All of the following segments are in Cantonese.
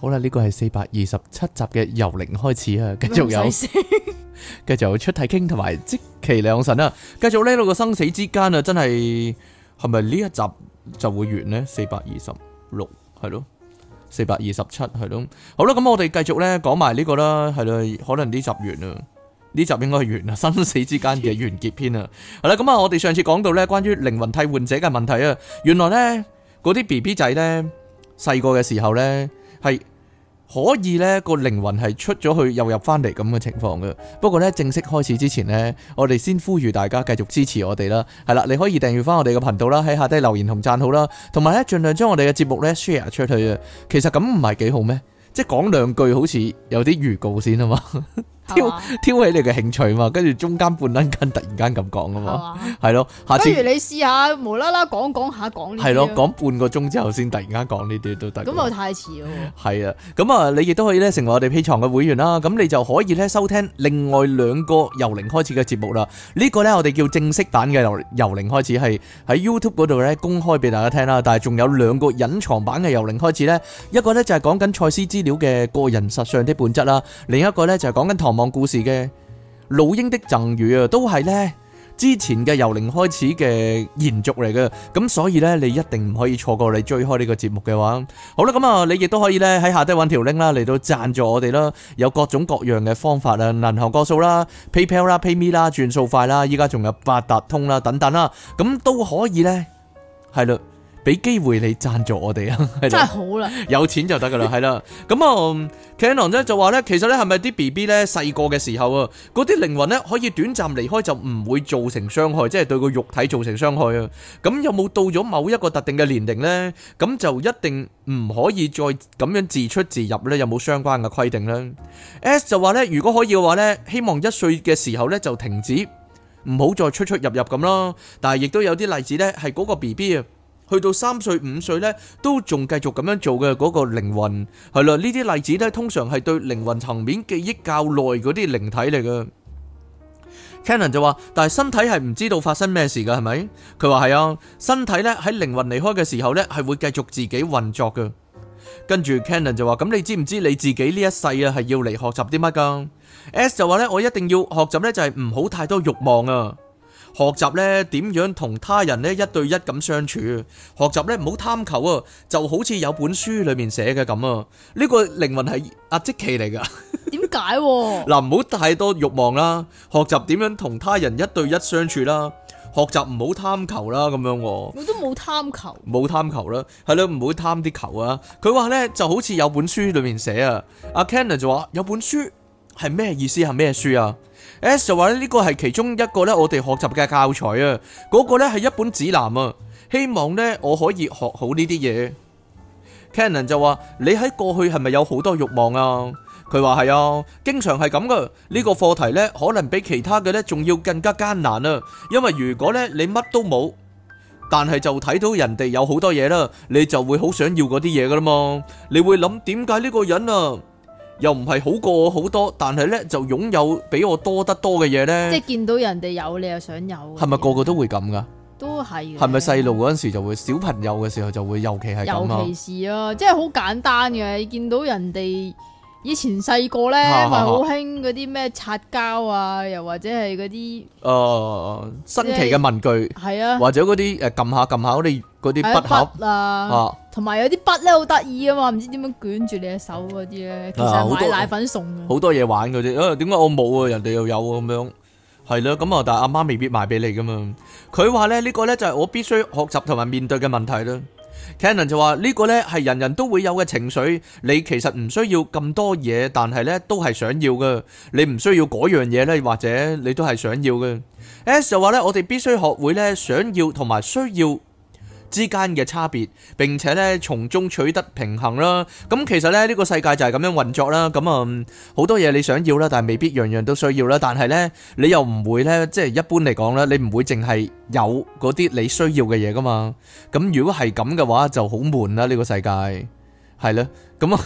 好啦，呢個係四百二十七集嘅由零開始啊，繼續有，繼續出體傾同埋即期兩神啊，繼續呢度個生死之間啊，真係係咪呢一集就會完呢？四百二十六係咯，四百二十七係咯，好啦，咁我哋繼續咧講埋呢個啦，係咯，可能呢集完啊，呢集應該係完啊，生死之間嘅完結篇啊。係啦， 咁啊，我哋上次講到咧關於靈魂替換者嘅問題啊，原來咧嗰啲 B B 仔咧細個嘅時候咧係。可以呢個靈魂係出咗去又入翻嚟咁嘅情況嘅。不過呢，正式開始之前呢，我哋先呼籲大家繼續支持我哋啦。係啦，你可以訂閱翻我哋嘅頻道啦，喺下低留言同讚好啦。同埋呢，盡量將我哋嘅節目呢 share 出去啊。其實咁唔係幾好咩？即係講兩句好似有啲預告先啊嘛。 挑挑起你嘅興趣嘛，跟住中間半捻間突然間咁講啊嘛，係咯，下次不如你試下無啦啦講講下講，係咯，講半個鐘之後先突然間講呢啲都得。咁啊太遲咯。係啊，咁啊你亦都可以咧成為我哋 P 床嘅會員啦，咁你就可以咧收聽另外兩個由零開始嘅節目啦。呢個咧我哋叫正式版嘅由由零開始係喺 YouTube 嗰度咧公開俾大家聽啦，但係仲有兩個隱藏版嘅由零開始咧，一個咧就係講緊賽斯資料嘅個人實相的本質啦，另一個咧就係講緊唐。講故事嘅《老鷹的贈語》啊，都係呢之前嘅由零開始嘅延續嚟嘅，咁所以呢，你一定唔可以錯過，你追開呢個節目嘅話，好啦，咁啊你亦都可以呢喺下低揾條 link 啦，嚟到贊助我哋啦，有各種各樣嘅方法啦，銀行個數啦、PayPal 啦 Pay、PayMe 啦、轉數快啦，依家仲有八達通啦等等啦，咁都可以呢，係啦。俾機會你贊助我哋啊！真係好啦，有錢就得㗎啦，係啦。咁啊，Canon 呢就話呢，其實呢係咪啲 BB 呢細個嘅時候啊，嗰啲靈魂呢可以短暫離開就唔會造成傷害，即係對個肉體造成傷害啊。咁有冇到咗某一個特定嘅年齡呢？咁就一定唔可以再咁樣自出自入呢？有冇相關嘅規定呢？S 就話呢，如果可以嘅話呢，希望一歲嘅時候呢就停止，唔好再出出入入咁囉。但係亦都有啲例子呢，係嗰個 BB 啊。去到三歲五歲咧，都仲繼續咁樣做嘅嗰個靈魂，係咯？呢啲例子咧，通常係對靈魂層面記憶較耐嗰啲靈體嚟嘅。Cannon 就話：，但係身體係唔知道發生咩事㗎，係咪？佢話係啊，身體咧喺靈魂離開嘅時候咧，係會繼續自己運作嘅。跟住 Cannon 就話：，咁你知唔知你自己呢一世啊，係要嚟學習啲乜㗎？S 就話咧：，我一定要學習咧，就係唔好太多慾望啊。學習咧點樣同他人咧一對一咁相處，學習咧唔好貪求啊，就好似有本書裏面寫嘅咁啊。呢個靈魂係阿積奇嚟噶，點解？嗱，唔好太多慾望啦，學習點樣同他人一對一相處啦，學習唔好貪求啦，咁樣。我都冇貪求，冇貪求啦，係咯，唔好貪啲求啊。佢話咧就好似有本書裏面寫啊，這個、阿 Kenner 就話有本書係咩意思？係咩書啊？S, S 就話呢個係其中一個咧我哋學習嘅教材啊，嗰、嗰個咧係一本指南啊，希望咧我可以學好呢啲嘢。Cannon 就話：你喺過去係咪有好多欲望啊？佢話係啊，經常係咁噶。呢、呢個課題咧可能比其他嘅咧仲要更加艱難啊，因為如果咧你乜都冇，但係就睇到人哋有好多嘢啦，你就會好想要嗰啲嘢噶啦嘛，你會諗點解呢個人啊？又唔係好過我好多，但係咧就擁有比我多得多嘅嘢咧。即係見到人哋有，你又想有。係咪個個都會咁㗎？都係。係咪細路嗰陣時就會小朋友嘅時、時候就會尤其係咁尤其是啊，即係好簡單嘅，見到人哋。以前細個咧，咪好興嗰啲咩擦膠啊，又或者係嗰啲誒新奇嘅文具，係啊，或者嗰啲誒撳下撳下嗰啲嗰啲筆盒啊，同埋、啊啊、有啲筆咧好得意啊嘛，唔知點樣捲住你嘅手嗰啲咧，其實買奶粉送好、啊、多嘢玩嗰啲，誒、啊，點解我冇啊？人哋又有咁、啊、樣，係咯，咁啊，但係阿媽未必買俾你噶嘛。佢話咧呢、這個咧就係我必須學習同埋面對嘅問題啦。Canon 就話呢、呢個呢係人人都會有嘅情緒，你其實唔需要咁多嘢，但係呢都係想要嘅。你唔需要嗰樣嘢呢，或者你都係想要嘅。S 就話呢，我哋必須學會呢，想要同埋需要之間嘅差別，並且咧從中取得平衡啦。咁其實咧呢個世界就係咁樣運作啦。咁啊好多嘢你想要啦，但係未必樣樣都需要啦。但係呢你又唔會呢，即係一般嚟講呢，你唔會淨係有嗰啲你需要嘅嘢噶嘛。咁如果係咁嘅話，就好悶啦。呢個世界係咯，咁啊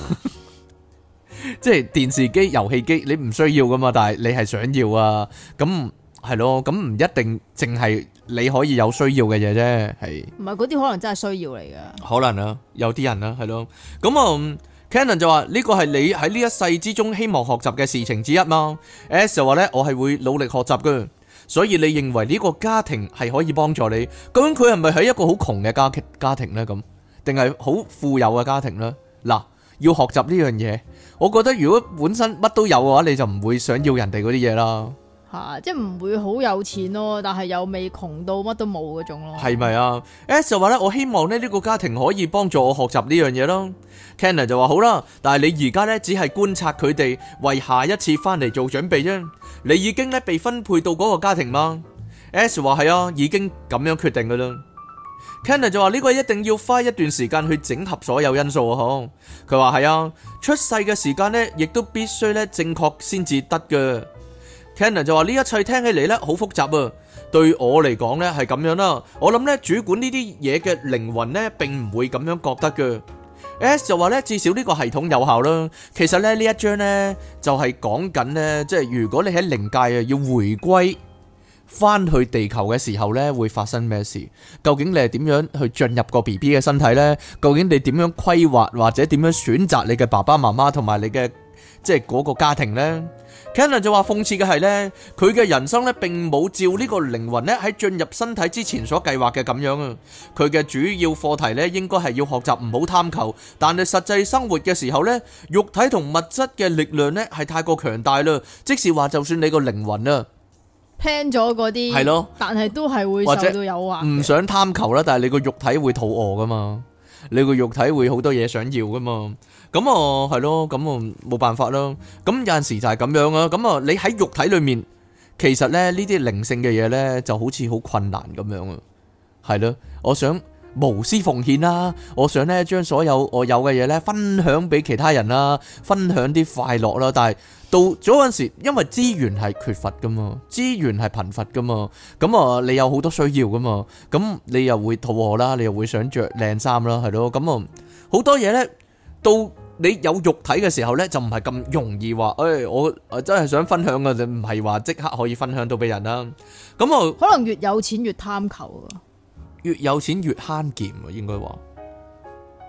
即係電視機、遊戲機，你唔需要噶嘛，但係你係想要啊。咁係咯，咁唔一定淨係。你可以有需要嘅嘢啫，係。唔係嗰啲可能真係需要嚟嘅。可能啊，有啲人啦、啊，係咯。咁、嗯、啊 Canon 就話呢個係你喺呢一世之中希望學習嘅事情之一嘛。S 就話呢，我係會努力學習嘅，所以你認為呢個家庭係可以幫助你？究竟佢係咪喺一個好窮嘅家家庭呢？咁定係好富有嘅家庭呢？嗱，要學習呢樣嘢，我覺得如果本身乜都有嘅話，你就唔會想要人哋嗰啲嘢啦。啊、即係唔會好有錢咯，但係又未窮到乜都冇嗰種咯。係咪啊？S 就話咧，我希望咧呢個家庭可以幫助我學習呢樣嘢咯。Kenna 就話好啦，但係你而家咧只係觀察佢哋為下一次翻嚟做準備啫。你已經咧被分配到嗰個家庭嘛？S 話係啊，已經咁樣決定嘅啦。Kenna 就話呢個一定要花一段時間去整合所有因素啊！嗬，佢話係啊，出世嘅時間咧亦都必須咧正確先至得嘅。Kenner 就話：呢一切聽起嚟咧，好複雜啊！對我嚟講咧，係咁樣啦。我諗咧，主管呢啲嘢嘅靈魂咧，並唔會咁樣覺得嘅。S 就話咧，至少呢個系統有效啦。其實咧，呢一章咧就係講緊咧，即係如果你喺靈界啊，要回歸翻去地球嘅時候咧，會發生咩事？究竟你係點樣去進入個 BB 嘅身體咧？究竟你點樣規劃或者點樣選擇你嘅爸爸媽媽同埋你嘅即係嗰個家庭咧？Kenan 就話，諷刺嘅係呢，佢嘅人生呢並冇照呢個靈魂呢喺進入身體之前所計劃嘅咁樣啊。佢嘅主要課題呢應該係要學習唔好貪求，但係實際生活嘅時候呢，肉體同物質嘅力量呢係太過強大啦。即使話就算你個靈魂啊 plan 咗嗰啲，係咯，但係都係會受到誘惑，唔想貪求啦，但係你個肉體會肚餓噶嘛。你個肉體會好多嘢想要噶嘛？咁啊，係、嗯、咯，咁啊冇辦法啦。咁有陣時就係咁樣啊。咁、嗯、啊、嗯，你喺肉體裏面，其實咧呢啲靈性嘅嘢咧，就好似好困難咁樣啊。係、嗯、咯，我、嗯、想。嗯嗯無私奉獻啦、啊，我想咧將所有我有嘅嘢咧分享俾其他人啦、啊，分享啲快樂啦、啊。但係到咗嗰陣時，因為資源係缺乏噶嘛資源係貧乏噶嘛，咁、嗯、啊你有好多需要噶嘛，咁、嗯、你又會肚餓啦，你又會想着靚衫啦，係咯，咁啊好多嘢呢，到你有肉體嘅時候呢，就唔係咁容易話，誒、欸、我真係想分享嘅、啊，你唔係話即刻可以分享到俾人啦。咁啊，嗯、可能越有錢越貪求、啊越有錢越慳儉，應該話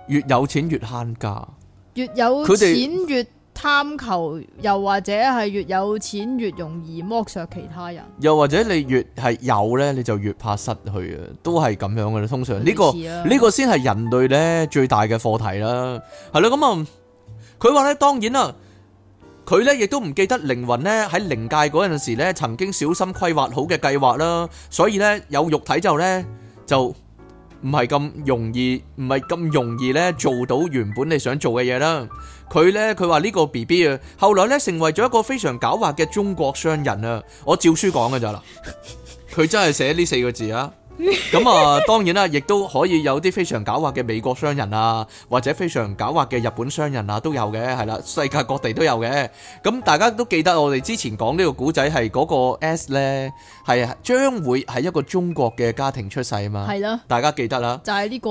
越有錢越慳家，越有錢越貪求，又或者係越有錢越容易剝削其他人。又或者你越係有呢，你就越怕失去啊！都係咁樣嘅啦。通常呢、啊這個呢、這個先係人類呢最大嘅課題啦。係啦，咁啊，佢話呢，當然啦、啊，佢呢亦都唔記得靈魂呢喺靈界嗰陣時呢曾經小心規劃好嘅計劃啦。所以呢，有肉體之後呢。就唔係咁容易，唔係咁容易咧做到原本你想做嘅嘢啦。佢咧佢話呢個 BB 啊，後來咧成為咗一個非常狡猾嘅中國商人啊。我照書講嘅咋啦，佢真係寫呢四個字啊。咁啊，當然啦，亦都可以有啲非常狡猾嘅美國商人啊，或者非常狡猾嘅日本商人啊，都有嘅，係啦，世界各地都有嘅。咁大家都記得我哋之前講呢個古仔係嗰個 S 咧，係將會係一個中國嘅家庭出世啊嘛。係咯。大家記得啦。就係呢個。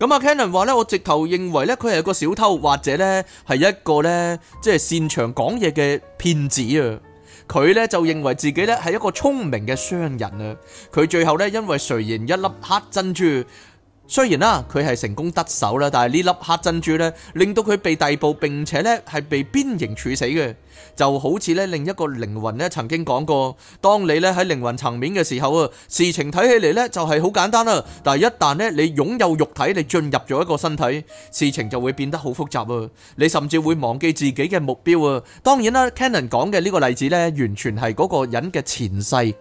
咁啊，Cannon 話咧，我直頭認為咧，佢係一個小偷，或者咧係一個咧，即係擅長講嘢嘅騙子啊。佢咧就認為自己咧係一個聰明嘅商人啊！佢最後咧因為垂涎一粒黑珍珠。雖然啦，佢係成功得手啦，但係呢粒黑珍珠咧，令到佢被逮捕，並且咧係被鞭刑處死嘅。就好似咧另一個靈魂咧曾經講過，當你咧喺靈魂層面嘅時候啊，事情睇起嚟咧就係好簡單啦。但係一旦咧你擁有肉體，你進入咗一個身體，事情就會變得好複雜啊。你甚至會忘記自己嘅目標啊。當然啦，Cannon 講嘅呢個例子咧，完全係嗰個人嘅前世。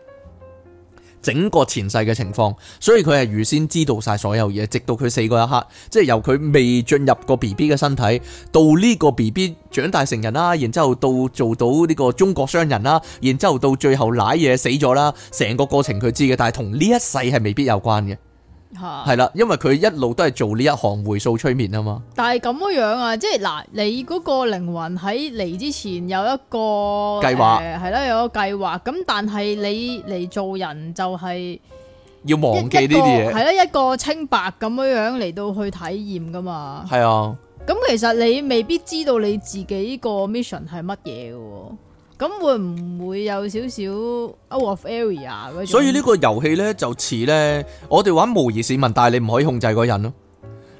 整個前世嘅情況，所以佢係預先知道晒所有嘢，直到佢死嗰一刻，即係由佢未進入過 B B 嘅身體，到呢個 B B 長大成人啦，然之後到做到呢個中國商人啦，然之後到最後賴嘢死咗啦，成個過程佢知嘅，但係同呢一世係未必有關嘅。係係啦，因為佢一路都係做呢一行回溯催眠啊嘛。但係咁樣樣啊，即係嗱，你嗰個靈魂喺嚟之前有一個計劃係啦、呃，有一個計劃咁，但係你嚟做人就係要忘記呢啲嘢係啦，一個清白咁樣樣嚟到去體驗噶嘛。係啊的，咁其實你未必知道你自己個 mission 係乜嘢嘅。咁會唔會有少少 out of area 嗰種？所以個遊戲呢個遊戲咧就似咧，我哋玩模擬市民，但係你唔可以控制個人咯，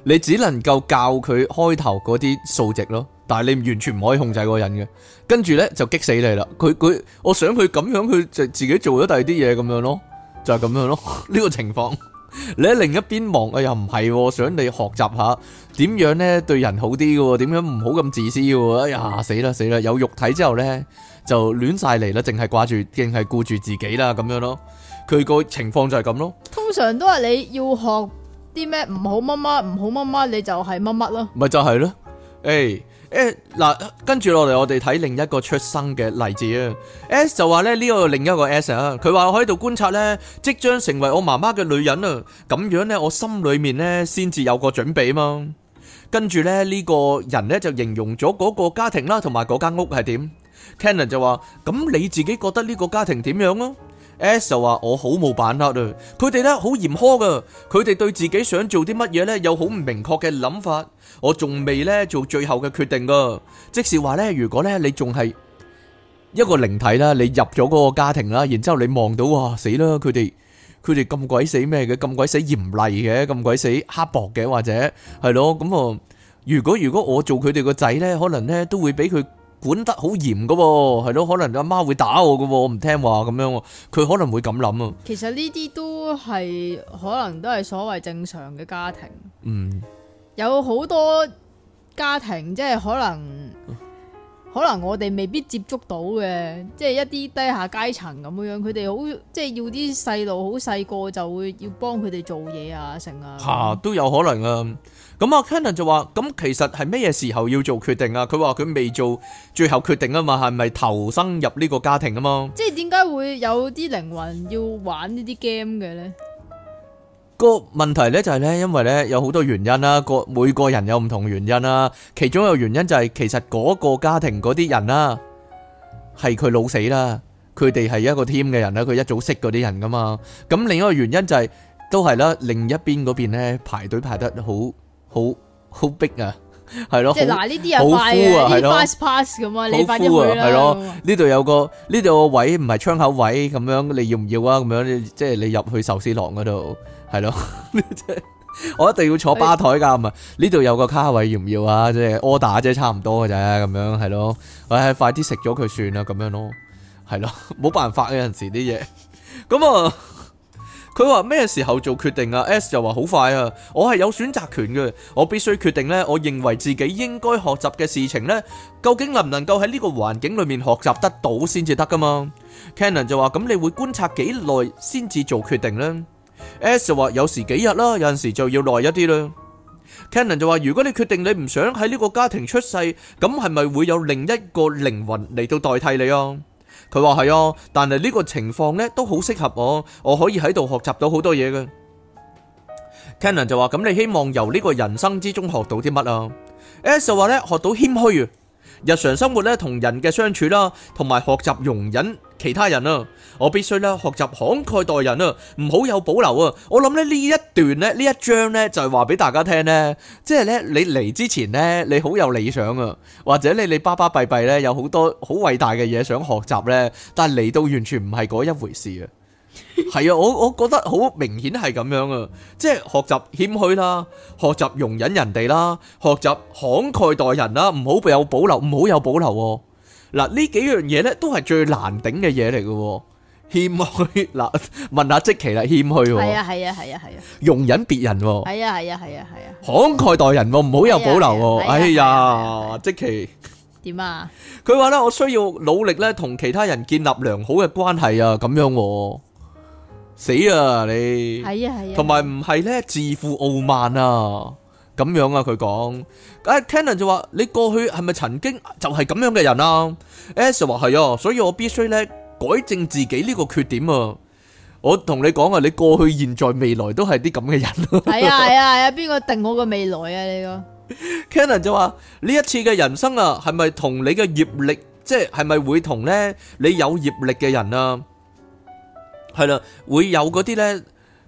你只能夠教佢開頭嗰啲數值咯，但係你完全唔可以控制個人嘅，跟住咧就激死你啦！佢佢，我想佢咁樣，佢就自己做咗第二啲嘢咁樣咯，就係、是、咁樣咯，呢 個情況。 你喺另一邊望啊，又唔係想你學習下點樣咧對人好啲嘅？點樣唔好咁自私嘅？哎呀，死啦死啦！有肉體之後咧就亂晒嚟，啦，淨係掛住，淨係顧住自己啦，咁樣咯。佢個情況就係咁咯。通常都係你要學啲咩唔好乜乜唔好乜乜，你就係乜乜咯。咪就係咯，誒。欸誒嗱，跟住落嚟我哋睇另一個出生嘅例子啊。S 就話咧呢個另一個 S 啊，佢話我喺度觀察咧，即將成為我媽媽嘅女人啊。咁樣咧，我心裏面咧先至有個準備嘛。跟住咧呢個人咧就形容咗嗰個家庭啦，同埋嗰間屋係點。Cannon 就話：咁你自己覺得呢個家庭點樣啊？S 就話我好冇把握啊！佢哋咧好嚴苛噶佢哋對自己想做啲乜嘢咧有好唔明確嘅諗法。我仲未咧做最後嘅決定噶。即是話咧，如果咧你仲係一個靈體啦，你入咗嗰個家庭啦，然之後你望到哇死啦！佢哋佢哋咁鬼死咩嘅？咁鬼死嚴厲嘅？咁鬼死刻薄嘅？或者係咯？咁啊？如果如果我做佢哋個仔咧，可能咧都會俾佢。管得好嚴嘅喎，係咯，可能阿媽會打我嘅喎，我唔聽話咁樣，佢可能會咁諗啊。其實呢啲都係可能都係所謂正常嘅家庭。嗯，有好多家庭即係可能，可能我哋未必接觸到嘅，即係一啲低下階層咁樣，佢哋好即係要啲細路好細個就會要幫佢哋做嘢啊，成啊，嚇都有可能啊。咁啊、嗯、，Cannon 就話：咁其實係咩嘢時候要做決定啊？佢話佢未做最後決定啊嘛，係咪投生入呢個家庭啊嘛？即係點解會有啲靈魂要玩呢啲 game 嘅呢？個問題呢就係呢，因為呢，有好多原因啦、啊，個每個人有唔同原因啦、啊。其中一個原因就係、是，其實嗰個家庭嗰啲人啦、啊，係佢老死啦，佢哋係一個 team 嘅人啦，佢一早識嗰啲人噶嘛。咁、嗯、另一個原因就係、是，都係啦，另一邊嗰邊呢，排隊排得好。好好逼啊，係 咯，即係嗱呢啲人好啊，pass pass 咁啊，你快啲去啦。係咯，呢度有個呢度個位唔係窗口位咁樣，你要唔要啊？咁樣即係你入去壽司郎嗰度，係咯，即係 我一定要坐吧台噶，唔係呢度有個卡位，要唔要啊？即係 order 即係差唔多嘅啫，咁樣係咯，唉、哎，快啲食咗佢算啦，咁樣咯，係咯，冇辦法啊，有陣時啲嘢，咁啊。 佢話咩時候做決定啊？S 就話好快啊，我係有選擇權嘅，我必須決定呢。」我認為自己應該學習嘅事情呢，究竟能唔能夠喺呢個環境裡面學習得到先至得噶嘛？Cannon 就話：咁你會觀察幾耐先至做決定呢？S 就話：有時幾日啦，有陣時就要耐一啲啦。Cannon 就話：如果你決定你唔想喺呢個家庭出世，咁係咪會有另一個靈魂嚟到代替你啊？佢話係啊，但係呢個情況咧都好適合我，我可以喺度學習到好多嘢嘅。Cannon 就話：咁你希望由呢個人生之中學到啲乜啊？S 就話咧學到謙虛啊，日常生活咧同人嘅相處啦，同埋學習容忍。其他人啊，我必須咧學習慷慨待人啊，唔好有保留啊。我諗咧呢一段咧，呢一章呢，就係話俾大家聽呢，即係呢，你嚟之前呢，你好有理想啊，或者你你巴巴閉閉呢，有好多好偉大嘅嘢想學習呢，但係嚟到完全唔係嗰一回事啊。係 啊，我我覺得好明顯係咁樣啊，即係學習謙虛啦，學習容忍人哋啦，學習慷慨待人啦，啊，唔好有保留，唔好有保留啊。嗱，呢幾樣嘢咧都係最難頂嘅嘢嚟嘅，謙虛嗱，問下即其啦，謙虛係啊係啊係啊係啊，容忍別人，係啊係啊係啊係啊，慷慨待人，唔好有保留，哎呀、so，即其點啊？佢話咧，我需要努力咧，同其他人建立良好嘅關係啊，咁樣，死啊你，係啊係啊，同埋唔係咧自負傲慢啊。咁樣啊，佢講，咁、啊、Canon 就話：你過去係咪曾經就係咁樣嘅人啊？Ash 話係啊，所以我必須咧改正自己呢個缺點啊！我同你講啊，你過去、現在、未來都係啲咁嘅人。係啊，係 啊，係啊，邊個、啊、定我個未來啊？你、個 Canon 就話：呢一次嘅人生啊，係咪同你嘅業力，即係係咪會同咧？你有業力嘅人啊，係啦、啊，會有嗰啲咧。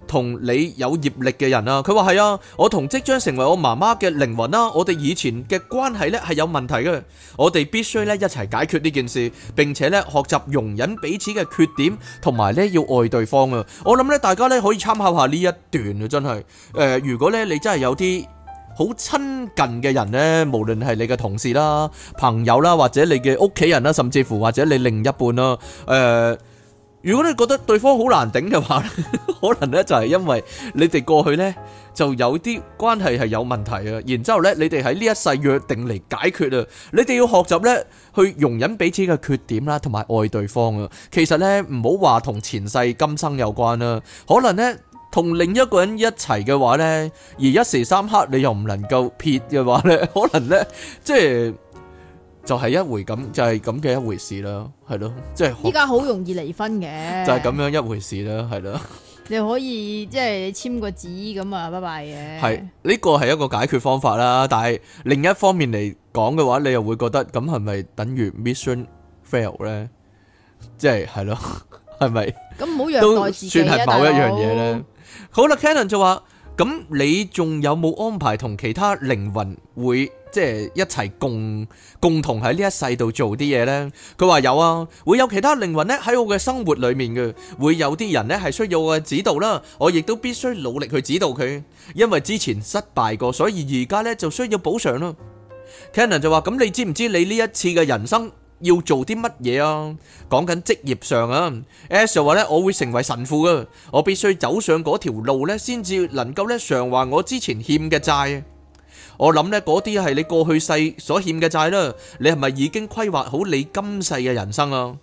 同你有業力嘅人啊，佢話係啊，我同即將成為我媽媽嘅靈魂啦，我哋以前嘅關係呢係有問題嘅，我哋必須咧一齊解決呢件事，並且呢學習容忍彼此嘅缺點，同埋呢要愛對方啊！我諗呢，大家呢可以參考下呢一段啊，真係誒、呃，如果呢你真係有啲好親近嘅人呢，無論係你嘅同事啦、朋友啦，或者你嘅屋企人啦，甚至乎或者你另一半啦，誒、呃。如果你覺得對方好難頂嘅話，可能咧就係因為你哋過去呢就有啲關係係有問題啊，然之後咧你哋喺呢一世約定嚟解決啊，你哋要學習呢去容忍彼此嘅缺點啦，同埋愛對方啊。其實呢，唔好話同前世今生有關啦，可能呢，同另一個人一齊嘅話呢，而一時三刻你又唔能夠撇嘅話呢，可能呢，即係。就係一回咁，就係咁嘅一回事啦，係咯，即係。依家好容易離婚嘅。就係咁樣一回事啦，係咯。你可以即係簽個字咁啊，拜拜嘅。係呢個係一個解決方法啦，但係另一方面嚟講嘅話，你又會覺得咁係咪等於 mission fail 咧？即係係咯，係咪？咁唔好虐待自己啊！哥呢好啦，Canon 就話：咁你仲有冇安排同其他靈魂會？即係一齊共共同喺呢一世度做啲嘢呢。佢話有啊，會有其他靈魂咧喺我嘅生活裏面嘅，會有啲人咧係需要我嘅指導啦，我亦都必須努力去指導佢，因為之前失敗過，所以而家呢就需要補償囉。Cannon 就話：「咁你知唔知你呢一次嘅人生要做啲乜嘢啊？講緊職業上啊，Ash 就話：「呢我會成為神父啊，我必須走上嗰條路呢，先至能夠呢償還我之前欠嘅債。我諗，呢嗰啲係你過去世所欠嘅債啦。你係咪已經規劃好你今世嘅人生啊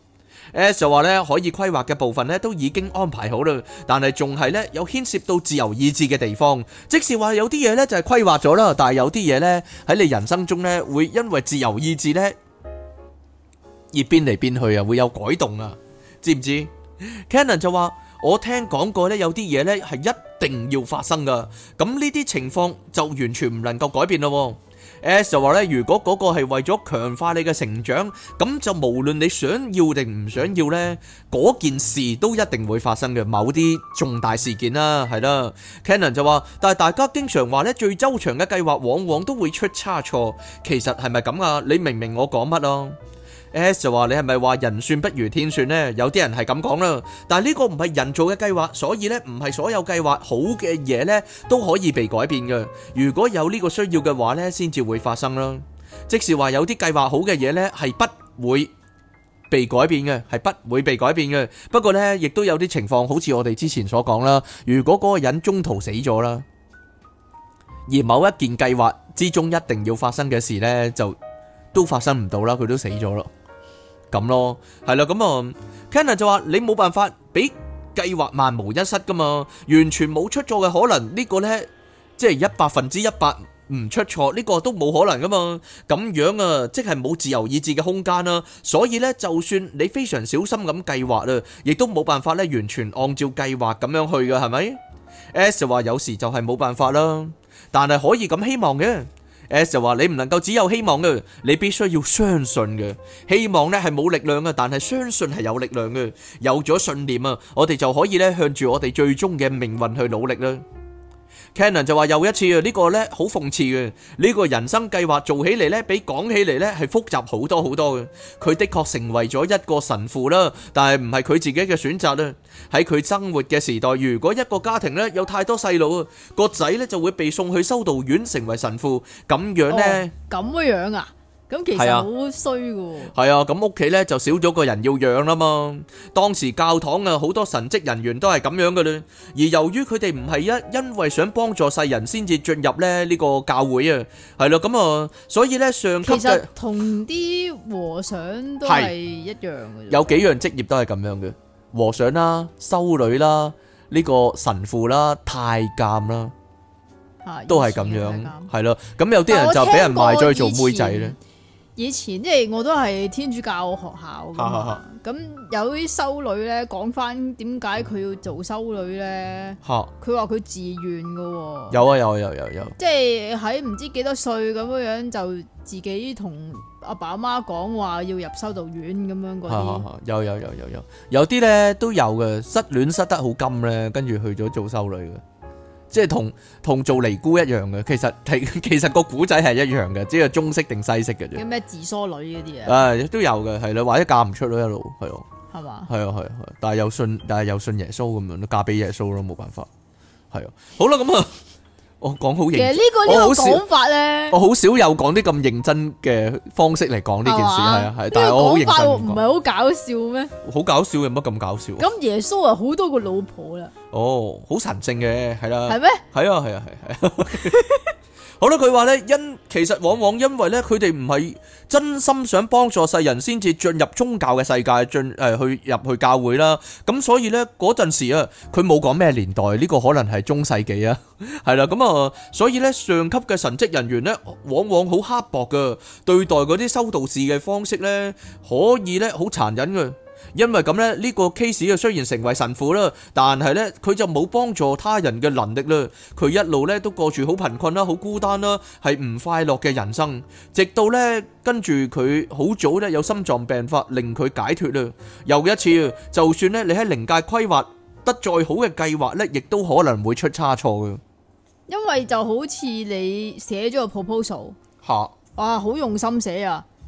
？S 就話呢，可以規劃嘅部分呢都已經安排好啦，但係仲係呢，有牽涉到自由意志嘅地方。即使話有啲嘢，呢就係規劃咗啦，但係有啲嘢呢喺你人生中呢會因為自由意志呢而變嚟變去啊，會有改動啊，知唔知？Canon 就話。我聽講過咧，有啲嘢咧係一定要發生㗎。咁呢啲情況就完全唔能夠改變咯。S 就話咧，如果嗰個係為咗強化你嘅成長，咁就無論你想要定唔想要咧，嗰件事都一定會發生嘅，某啲重大事件啦，係啦。Canon 就話，但係大家經常話咧，最周長嘅計劃往往都會出差錯。其實係咪咁啊？你明唔明我講乜咯？S 就話你係咪話人算不如天算咧？有啲人係咁講啦，但係呢個唔係人做嘅計劃，所以咧唔係所有計劃好嘅嘢，咧都可以被改變嘅。如果有呢個需要嘅話咧，先至會發生啦。即是話有啲計劃好嘅嘢咧係不會被改變嘅，係不會被改變嘅。不過咧亦都有啲情況，好似我哋之前所講啦，如果嗰個人中途死咗啦，而某一件計劃之中一定要發生嘅事咧就都發生唔到啦，佢都死咗咯。咁咯，係啦，咁啊，Kenna 就話你冇辦法俾計劃萬無一失噶嘛，完全冇出錯嘅可能，呢、這個呢，即係一百分之一百唔出錯，呢、這個都冇可能噶嘛，咁樣啊，即係冇自由意志嘅空間啦、啊。所以呢，就算你非常小心咁計劃啊，亦都冇辦法咧完全按照計劃咁樣去噶，係咪？S 就話有時就係冇辦法啦，但係可以咁希望嘅。S, S 就話你唔能夠只有希望嘅，你必須要相信嘅。希望咧係冇力量嘅，但係相信係有力量嘅。有咗信念啊，我哋就可以咧向住我哋最終嘅命運去努力啦。Canon 就話又一次啊！呢個咧好諷刺嘅，呢個人生計劃做起嚟咧，比講起嚟咧係複雜好多好多嘅。佢的確成為咗一個神父啦，但係唔係佢自己嘅選擇啦。喺佢生活嘅時代，如果一個家庭咧有太多細路啊，個仔咧就會被送去修道院成為神父，咁樣呢？咁嘅、哦、樣啊！咁其實好衰噶，係啊！咁屋企咧就少咗個人要養啦嘛。當時教堂啊，好多神職人員都係咁樣嘅啦。而由於佢哋唔係一因為想幫助世人先至進入咧呢個教會啊，係咯咁啊，所以咧上級嘅同啲和尚都係一樣嘅。有幾樣職業都係咁樣嘅，和尚啦、修女啦、呢個神父啦、太監啦，都係咁樣，係咯。咁有啲人就俾人賣咗去做妹仔咧。以前即係我都係天主教學校咁，咁有啲修女咧講返點解佢要做修女咧？吓，佢話佢自願噶，有啊有啊，有啊，有啊，有啊，有有有，即係喺唔知幾多歲咁樣樣就自己同阿爸阿媽講話要入修道院咁樣嗰啲。係係係係有，有，有有有有有，有啲咧都有嘅，失戀失得好金咧，跟住去咗做修女嘅。即係同同做尼姑一樣嘅，其實其其實個古仔係一樣嘅，只係中式定西式嘅啫。有咩自梳女嗰啲啊？誒、哎，都有嘅，係啦，或者嫁唔出咯，一路係咯，係嘛？係啊吧，係啊，但係又信，但係又信耶穌咁樣，嫁俾耶穌咯，冇辦法，係啊。好啦，咁啊。 我講好認真，呢個呢個講法咧，我好少有講啲咁認真嘅方式嚟講呢件事，係啊，係。但係我好認真唔講。呢個講法唔係好搞笑咩？好搞笑，有乜咁搞笑？咁耶穌啊，好多個老婆啦。哦，好神聖嘅，係啦。係咩？係啊，係啊，係，係。好啦，佢話咧因其實往往因為咧佢哋唔係真心想幫助世人，先至進入宗教嘅世界進誒去入去教會啦。咁所以咧嗰陣時啊，佢冇講咩年代，呢個可能係中世紀啊，係啦咁啊，所以咧上級嘅神職人員咧往往好刻薄噶，對待嗰啲修道士嘅方式咧可以咧好殘忍噶。因為咁咧，呢個 case 啊，雖然成為神父啦，但係咧佢就冇幫助他人嘅能力啦。佢一路咧都過住好貧困啦、好孤單啦，係唔快樂嘅人生。直到咧跟住佢好早咧有心臟病發，令佢解脫啦。又一次，就算咧你喺靈界規劃得再好嘅計劃咧，亦都可能會出差錯嘅。因為就好似你寫咗個 proposal 吓，哇，好用心寫啊！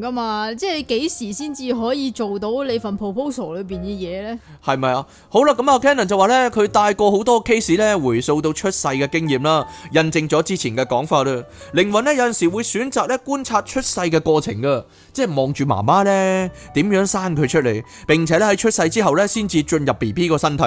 噶嘛，即係幾時先至可以做到你份 proposal 裏邊嘅嘢呢，係咪啊？好啦，咁啊，Cannon 就話呢，佢帶過好多 case 呢，回溯到出世嘅經驗啦，印證咗之前嘅講法啦。靈魂呢，有陣時會選擇咧觀察出世嘅過程噶，即係望住媽媽呢點樣生佢出嚟，並且咧喺出世之後呢先至進入 B B 個身體，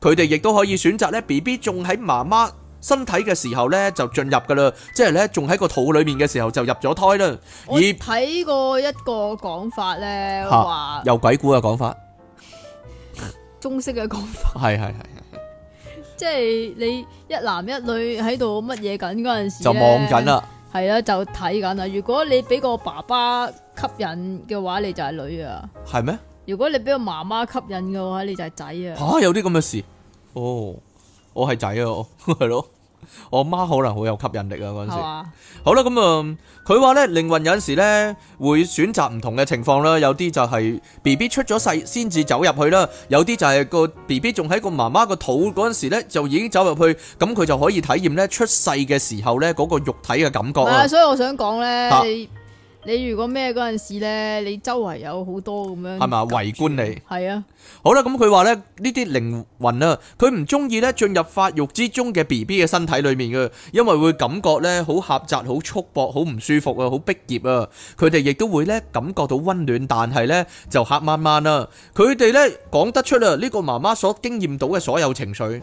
佢哋亦都可以選擇呢 B B 仲喺媽媽。身體嘅時候咧就進入噶啦，即係咧仲喺個肚裏面嘅時候就入咗胎啦。我睇過一個講法咧，話有鬼故嘅講法，中式嘅講法，係係係係，即係你一男一女喺度乜嘢緊嗰陣時就望緊啦，係啦就睇緊啦。如果你俾個爸爸吸引嘅話，你就係女啊。係咩？如果你俾個媽媽吸引嘅話，你就係仔啊。吓，有啲咁嘅事？哦，我係仔啊，係咯。我媽可能好有吸引力啊！嗰陣時，嗎好啦，咁、嗯、啊，佢話呢，靈魂有陣時呢會選擇唔同嘅情況啦，有啲就係 B B 出咗世先至走入去啦，有啲就係個 B B 仲喺個媽媽個肚嗰陣時呢就已經走入去，咁佢就可以體驗呢出世嘅時候呢嗰、那個肉體嘅感覺啦。所以我想講呢。啊你如果咩嗰陣時呢？你周圍有好多咁樣，係咪圍觀你？係啊，好啦，咁佢話呢呢啲靈魂啊，佢唔中意呢進入發育之中嘅 B B 嘅身體裏面嘅，因為會感覺呢好狹窄，好束縛，好唔舒服啊、好逼仄啊，佢哋亦都會呢感覺到溫暖，但係呢就黑掹掹啊，佢哋呢講得出啊，呢、這個媽媽所經驗到嘅所有情緒。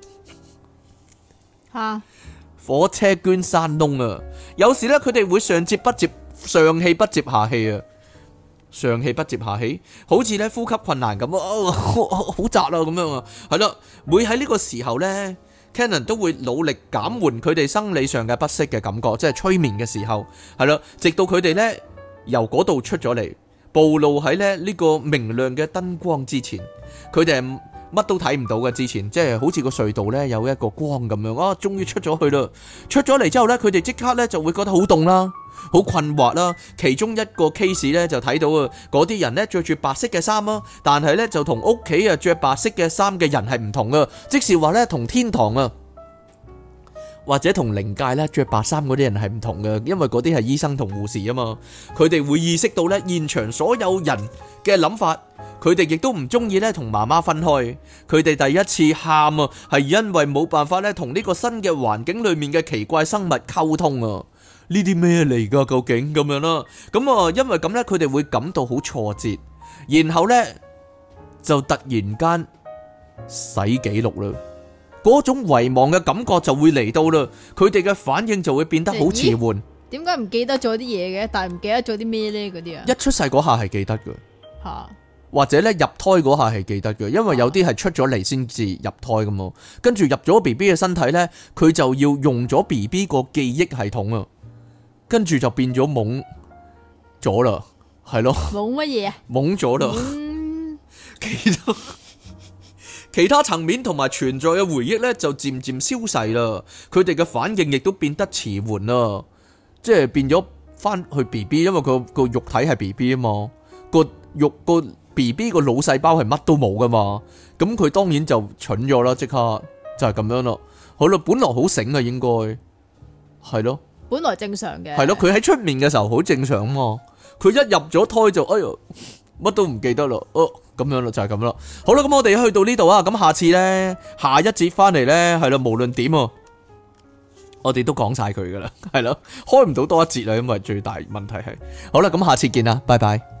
啊！火車捐山窿啊！有時咧，佢哋會上接不接上氣不接下氣啊，上氣不接下氣，好似咧呼吸困難咁、哦哦哦、啊，好窒啊咁樣啊，係咯，會喺呢個時候咧 Cannon 都會努力減緩佢哋生理上嘅不適嘅感覺，即係催眠嘅時候，係咯，直到佢哋咧由嗰度出咗嚟，暴露喺咧呢個明亮嘅燈光之前，佢哋。乜都睇唔到嘅，之前即係好似個隧道呢，有一個光咁樣，啊，終於出咗去啦！出咗嚟之後呢，佢哋即刻呢就會覺得好凍啦，好困惑啦。其中一個 case 呢就睇到啊，嗰啲人呢着住白色嘅衫啊，但係呢就同屋企啊着白色嘅衫嘅人係唔同啊，即是話呢同天堂啊。或者靈同靈界咧着白衫嗰啲人係唔同嘅，因為嗰啲係醫生同護士啊嘛，佢哋會意識到咧現場所有人嘅諗法，佢哋亦都唔中意咧同媽媽分開，佢哋第一次喊啊，係因為冇辦法咧同呢個新嘅環境裏面嘅奇怪生物溝通啊，呢啲咩嚟噶？究竟咁樣啦，咁啊，因為咁咧，佢哋會感到好挫折，然後咧就突然間洗記錄啦。嗰種遺忘嘅感覺就會嚟到啦，佢哋嘅反應就會變得好遲緩。點解唔記得咗啲嘢嘅？但係唔記得咗啲咩呢？嗰啲啊，一出世嗰下係記得嘅，吓，或者咧入胎嗰下係記得嘅，因為有啲係出咗嚟先至入胎噶嘛，啊、跟住入咗 B B 嘅身體呢，佢就要用咗 B B 個記憶系統啊，跟住就變咗懵咗啦，係咯，懵乜嘢？懵咗咯，記得。其他層面同埋存在嘅回憶咧，就漸漸消逝啦。佢哋嘅反應亦都變得遲緩啦，即係變咗翻去 B B，因為佢個肉體係 B B 啊嘛，個肉個 B B 個腦細胞係乜都冇噶嘛，咁佢當然就蠢咗啦，即刻就係咁樣咯。好啦，本來好醒啊，應該係咯，本來正常嘅係咯，佢喺出面嘅時候好正常啊嘛，佢一入咗胎就哎呦乜都唔記得咯。呃咁樣咯，就係咁咯。好啦，咁我哋去到呢度啊，咁下次咧，下一節翻嚟咧，係啦，無論點啊，我哋都講晒佢噶啦，係咯，開唔到多一節啦，因為最大問題係。好啦，咁下次見啦，拜拜。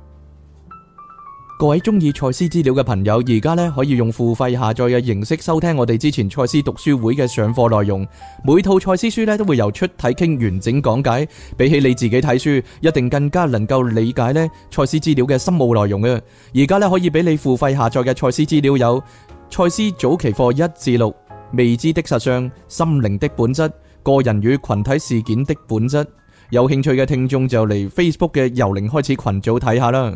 各位中意賽斯資料嘅朋友，而家咧可以用付費下載嘅形式收聽我哋之前賽斯讀書會嘅上課內容。每套賽斯書咧都會由出體傾完整講解，比起你自己睇書，一定更加能夠理解呢賽斯資料嘅深奧內容啊！而家咧可以俾你付費下載嘅賽斯資料有賽斯早期課一至六、未知的實相、心靈的本質、個人與群體事件的本質。有興趣嘅聽眾就嚟 Facebook 嘅由零開始群組睇下啦。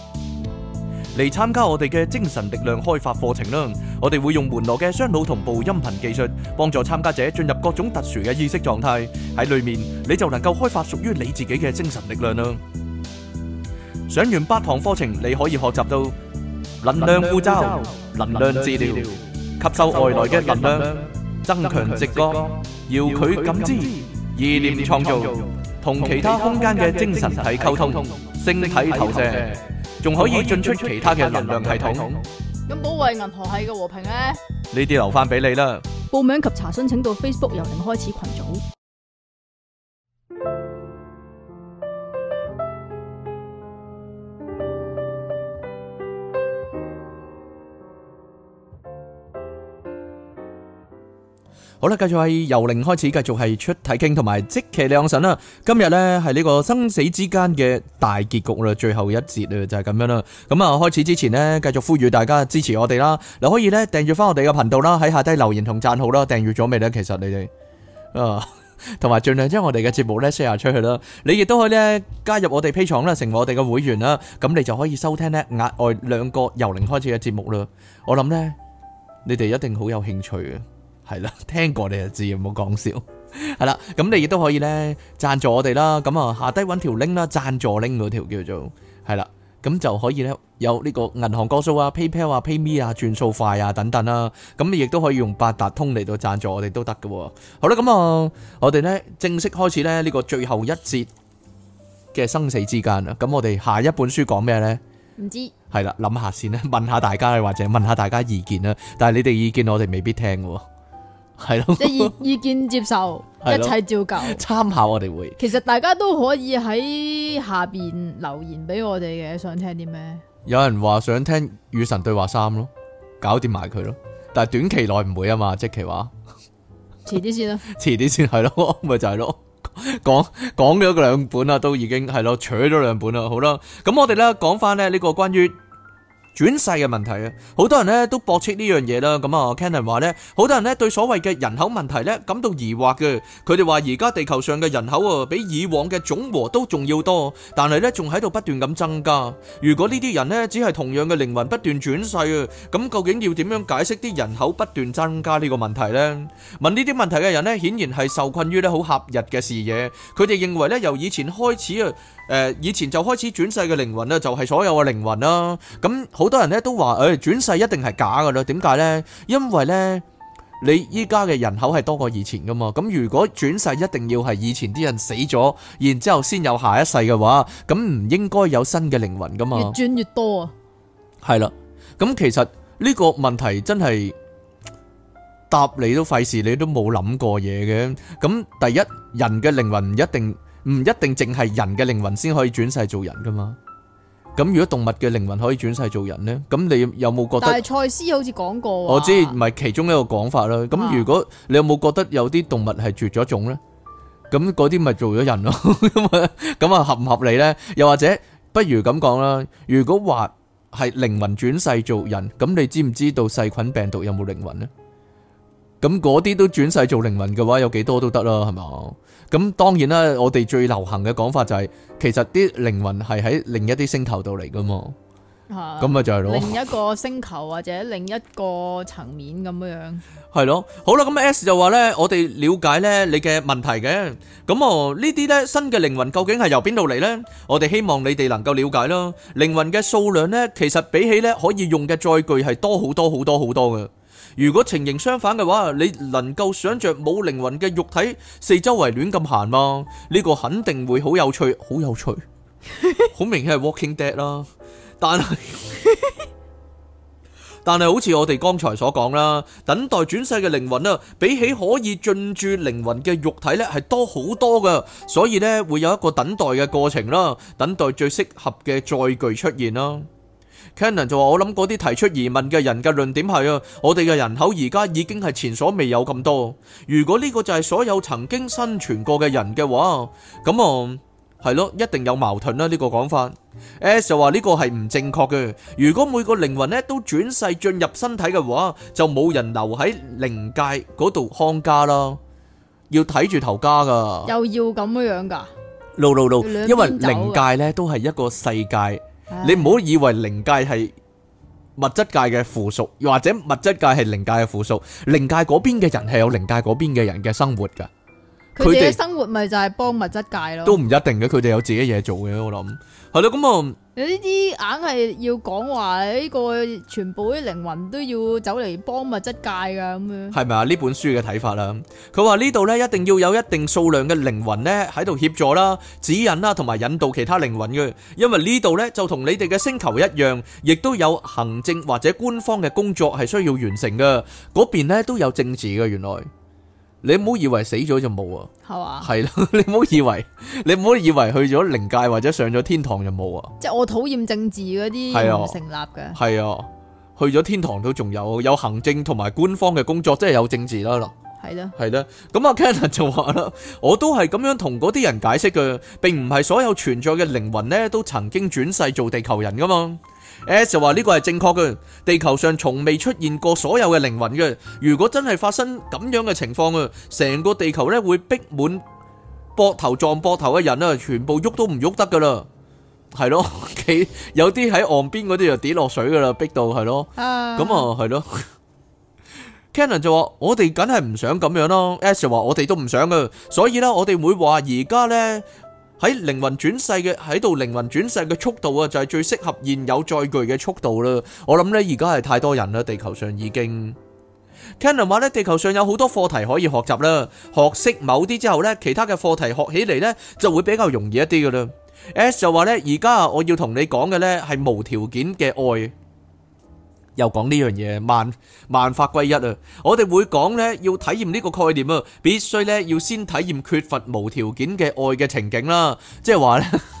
嚟參加我哋嘅精神力量開發課程啦！我哋會用門羅嘅雙腦同步音頻技術，幫助參加者進入各種特殊嘅意識狀態。喺裏面，你就能夠開發屬於你自己嘅精神力量啦！上完八堂課程，你可以學習到能量護罩、能量治療、吸收外來嘅能量、增強直覺、遙距感知、意念創造、同其他空間嘅精神體溝通、星體投射。仲可以進出其他嘅能量系統。咁保衛銀河系嘅和平咧？呢啲留翻俾你啦。報名及查詢請到 Facebook 由零開始群組。好啦，繼續喺由零開始，繼續係出睇傾，同埋即期兩神啦。今日呢，係呢個生死之間嘅大結局啦，最後一節啊，就係、是、咁樣啦。咁、嗯、啊，開始之前呢，繼續呼籲大家支持我哋啦。你可以呢，訂閱翻我哋嘅頻道啦，喺下低留言同讚好啦。訂閱咗未呢？其實你哋啊，同埋盡量將我哋嘅節目呢 share 出去啦。你亦都可以呢，加入我哋 P 廠啦，成為我哋嘅會員啦。咁你就可以收聽呢額外兩個由零開始嘅節目啦。我諗呢，你哋一定好有興趣嘅。係啦，聽過你就知，唔好講笑。係 啦，咁你亦都可以咧，贊助我哋啦。咁啊，下低揾條 link 啦，贊助 link 嗰條叫做係啦，咁就可以咧，有呢個銀行個數啊、PayPal 啊、PayMe 啊、轉數快啊等等啦。咁 你亦都可以用八達通嚟到贊助我哋都得噶。好啦，咁啊，我哋咧正式開始咧呢個最後一節嘅生死之間啊。咁我哋下一本書講咩咧？唔知係啦，諗下先啦，問下大家或者問下大家意見啦。但係你哋意見我哋未必聽噶。係咯，意對意見接受，了一切照舊，參考我哋會。其實大家都可以喺下邊留言俾我哋嘅，想聽啲咩？有人話想聽與神對話三咯，搞掂埋佢咯。但係短期內唔會啊嘛，即期話，遲啲先咯。遲啲 先係咯，咪 就係咯。講講咗個兩本啦，都已經係咯，取咗兩本啦。好啦，咁我哋咧講翻咧呢個關於轉世嘅問題啊，好多人咧都駁斥呢樣嘢啦。咁啊，Cannon 話呢，好多人呢對所謂嘅人口問題呢感到疑惑嘅。佢哋話而家地球上嘅人口啊，比以往嘅總和都仲要多，但係呢仲喺度不斷咁增加。如果呢啲人呢，只係同樣嘅靈魂不斷轉世啊，咁究竟要點樣解釋啲人口不斷增加呢個問題呢？問呢啲問題嘅人呢，顯然係受困於呢好狹日嘅視野。佢哋認為呢，由以前開始啊。誒，以前就開始轉世嘅靈魂咧，就係所有嘅靈魂啦。咁好多人咧都話，誒，轉世一定係假噶啦。點解呢？因為呢，你依家嘅人口係多過以前噶嘛。咁如果轉世一定要係以前啲人死咗，然之後先有下一世嘅話，咁唔應該有新嘅靈魂噶嘛。越轉越多啊。係啦，咁其實呢個問題真係答你都費事，你都冇諗過嘢嘅。咁第一，人嘅靈魂唔一定。唔一定淨係人嘅靈魂先可以轉世做人噶嘛？咁如果動物嘅靈魂可以轉世做人咧，咁你有冇覺得？但係蔡司好似講過啊。我知唔係其中一個講法啦。咁如果你有冇覺得有啲動物係絕咗種咧，咁嗰啲咪做咗人咯？咁啊咁啊合唔合理咧？又或者不如咁講啦，如果話係靈魂轉世做人，咁你知唔知道細菌病毒有冇靈魂咧？咁嗰啲都轉世做靈魂嘅話，有幾多都得啦，係咪？咁當然啦，我哋最流行嘅講法就係，其實啲靈魂係喺另一啲星球度嚟噶嘛，咁咪就係咯。另一個星球或者另一個層面咁樣樣。係咯，好啦，咁 S 就話呢，我哋了解呢你嘅問題嘅，咁哦呢啲呢新嘅靈魂究竟係由邊度嚟呢？我哋希望你哋能夠了解啦，靈魂嘅數量呢，其實比起呢可以用嘅載具係多好多好多好多嘅。如果情形相反嘅話，你能夠想象冇靈魂嘅肉體四周圍亂咁行嗎？呢個肯定會好有趣，好有趣， 明 dead, 好明顯係 Walking Dead 啦。但係，但係，好似我哋剛才所講啦，等待轉世嘅靈魂啊，比起可以進駐靈魂嘅肉體呢，係多好多噶，所以呢，會有一個等待嘅過程啦，等待最適合嘅載具出現啦。Canon 就話：我諗嗰啲提出疑問嘅人嘅論點係啊，我哋嘅人口而家已經係前所未有咁多。如果呢個就係所有曾經生存過嘅人嘅話，咁啊係咯，一定有矛盾啦、啊、呢、呢個講法。S 就話呢個係唔正確嘅。如果每個靈魂呢都轉世進入身體嘅話，就冇人留喺靈界嗰度看家啦，要睇住頭家噶。又要咁樣噶、啊？路路路，因為靈界呢都係一個世界。你唔好以為靈界係物質界嘅附屬，又或者物質界係靈界嘅附屬。靈界嗰邊嘅人係有靈界嗰邊嘅人嘅生活噶，佢哋生活咪就係幫物質界咯。都唔一定嘅，佢哋有自己嘢做嘅，我諗。係咯，咁啊，呢啲硬係要講話呢個全部啲靈魂都要走嚟幫物質界噶咁樣，係咪啊？呢本書嘅睇法啦，佢話呢度呢，一定要有一定數量嘅靈魂呢喺度協助啦、指引啦，同埋引導其他靈魂嘅，因為呢度呢就同你哋嘅星球一樣，亦都有行政或者官方嘅工作係需要完成噶。嗰邊呢都有政治嘅，原來。你唔好以為死咗就冇啊，係啊吧，係咯，你唔好以為你唔好以為去咗靈界或者上咗天堂就冇啊。即係我討厭政治嗰啲唔成立嘅。係啊，去咗天堂都仲有有行政同埋官方嘅工作，即係有政治啦啦。係咯的，係咯。咁阿 Cannon 就話啦，我都係咁樣同嗰啲人解釋嘅，並唔係所有存在嘅靈魂咧，都曾經轉世做地球人噶嘛。S, S 就話呢個係正確嘅，地球上從未出現過所有嘅靈魂嘅。如果真係發生咁樣嘅情況啊，成個地球咧會逼滿膊頭撞膊頭嘅人啦，全部喐都唔喐得噶啦，係咯。 有啲喺岸邊嗰啲就跌落水噶啦，逼到係咯，咁啊係咯。Uh、就 Canon 就話我哋梗係唔想咁樣咯，S 就話我哋都唔想噶，所以咧我哋會話而家咧。喺靈魂轉世嘅喺度，靈魂轉世嘅速度啊，就係最適合現有載具嘅速度啦。我諗咧，而家係太多人啦，地球上已經。Cannon 話咧，地球上有好多課題可以學習啦，學識某啲之後咧，其他嘅課題學起嚟咧就會比較容易一啲噶啦。S 就話咧，而家我要同你講嘅咧係無條件嘅愛。又講呢樣嘢，萬萬法歸一啊！我哋會講呢，要體驗呢個概念啊，必須呢，要先體驗缺乏無條件嘅愛嘅情景啦，即係話呢。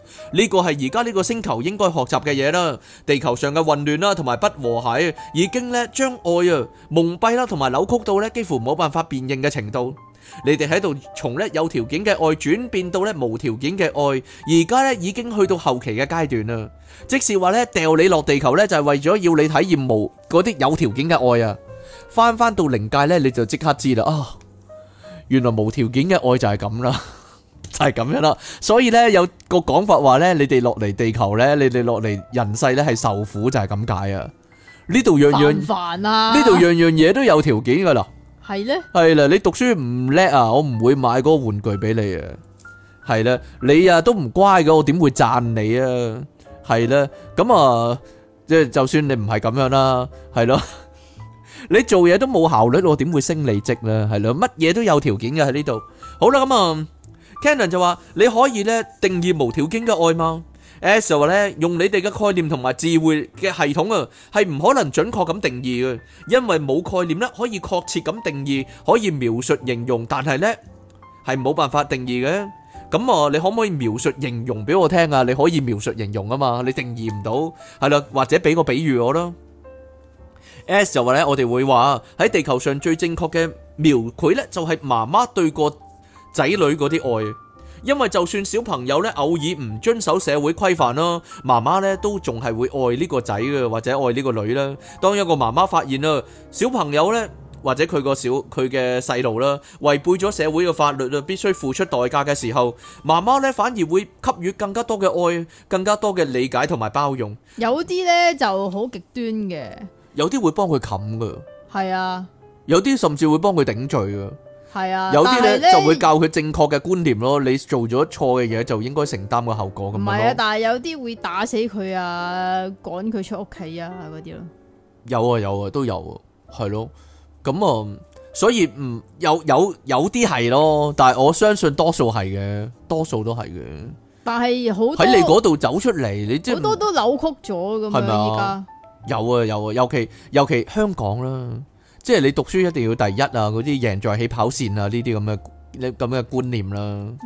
呢個係而家呢個星球應該學習嘅嘢啦，地球上嘅混亂啦，同埋不和諧，已經咧將愛啊蒙蔽啦，同埋扭曲到咧幾乎冇辦法辨認嘅程度。你哋喺度從咧有條件嘅愛轉變到咧無條件嘅愛，而家咧已經去到後期嘅階段啦。即是話咧掉你落地球咧就係為咗要你體驗無嗰啲有條件嘅愛啊，返返到靈界咧你就即刻知啦，啊、哦，原來無條件嘅愛就係咁啦。就係咁樣，啦，所以咧有個講法話咧，你哋落嚟地球咧，你哋落嚟人世咧係受苦就係咁解啊！呢度樣樣煩啊，呢度樣樣嘢都有條件噶啦，係咧，係啦，你讀書唔叻啊，我唔會買嗰個玩具俾你啊，係啦，你啊都唔乖嘅，我點會讚你啊？係啦，咁啊，即係就算你唔係咁樣啦，係咯，你做嘢都冇效率，我點會升你職咧？係啦，乜嘢都有條件嘅喺呢度。好啦，咁啊。Canon 就話：你可以咧定義無條件嘅愛嗎？S 就話咧：用你哋嘅概念同埋智慧嘅系統啊，係唔可能準確咁定義嘅，因為冇概念咧可以確切咁定義，可以描述形容，但係咧係冇辦法定義嘅。咁啊，你可唔可以描述形容俾我聽啊？你可以描述形容啊嘛，你定義唔到，係啦，或者俾個比喻我咯。S 就話咧：我哋會話喺地球上最正確嘅描繪咧，就係媽媽對個仔女嗰啲愛，因為就算小朋友咧偶爾唔遵守社會規範啦，媽媽咧都仲係會愛呢個仔嘅或者愛呢個女啦。當一個媽媽發現啦，小朋友咧或者佢個小佢嘅細路啦違背咗社會嘅法律啦，必須付出代價嘅時候，媽媽咧反而會給予更加多嘅愛，更加多嘅理解同埋包容。有啲咧就好極端嘅，有啲會幫佢冚噶。係啊，有啲甚至會幫佢頂罪噶。係啊，有啲咧就會教佢正確嘅觀念咯。你做咗錯嘅嘢，就應該承擔個後果咁樣係啊，但係有啲會打死佢啊，趕佢出屋企啊嗰啲咯有，啊。有啊有啊都有啊，係咯。咁、嗯、啊，所以唔有有有啲係咯，但係我相信多數係嘅，多數都係嘅。但係好喺你嗰度走出嚟，你即係好多都扭曲咗，咁係咪而家？有啊有啊，有啊，尤其尤其，尤其香港啦。即係你讀書一定要第一啊，嗰啲贏在起跑線啊，呢啲咁嘅，你咁嘅觀念啦、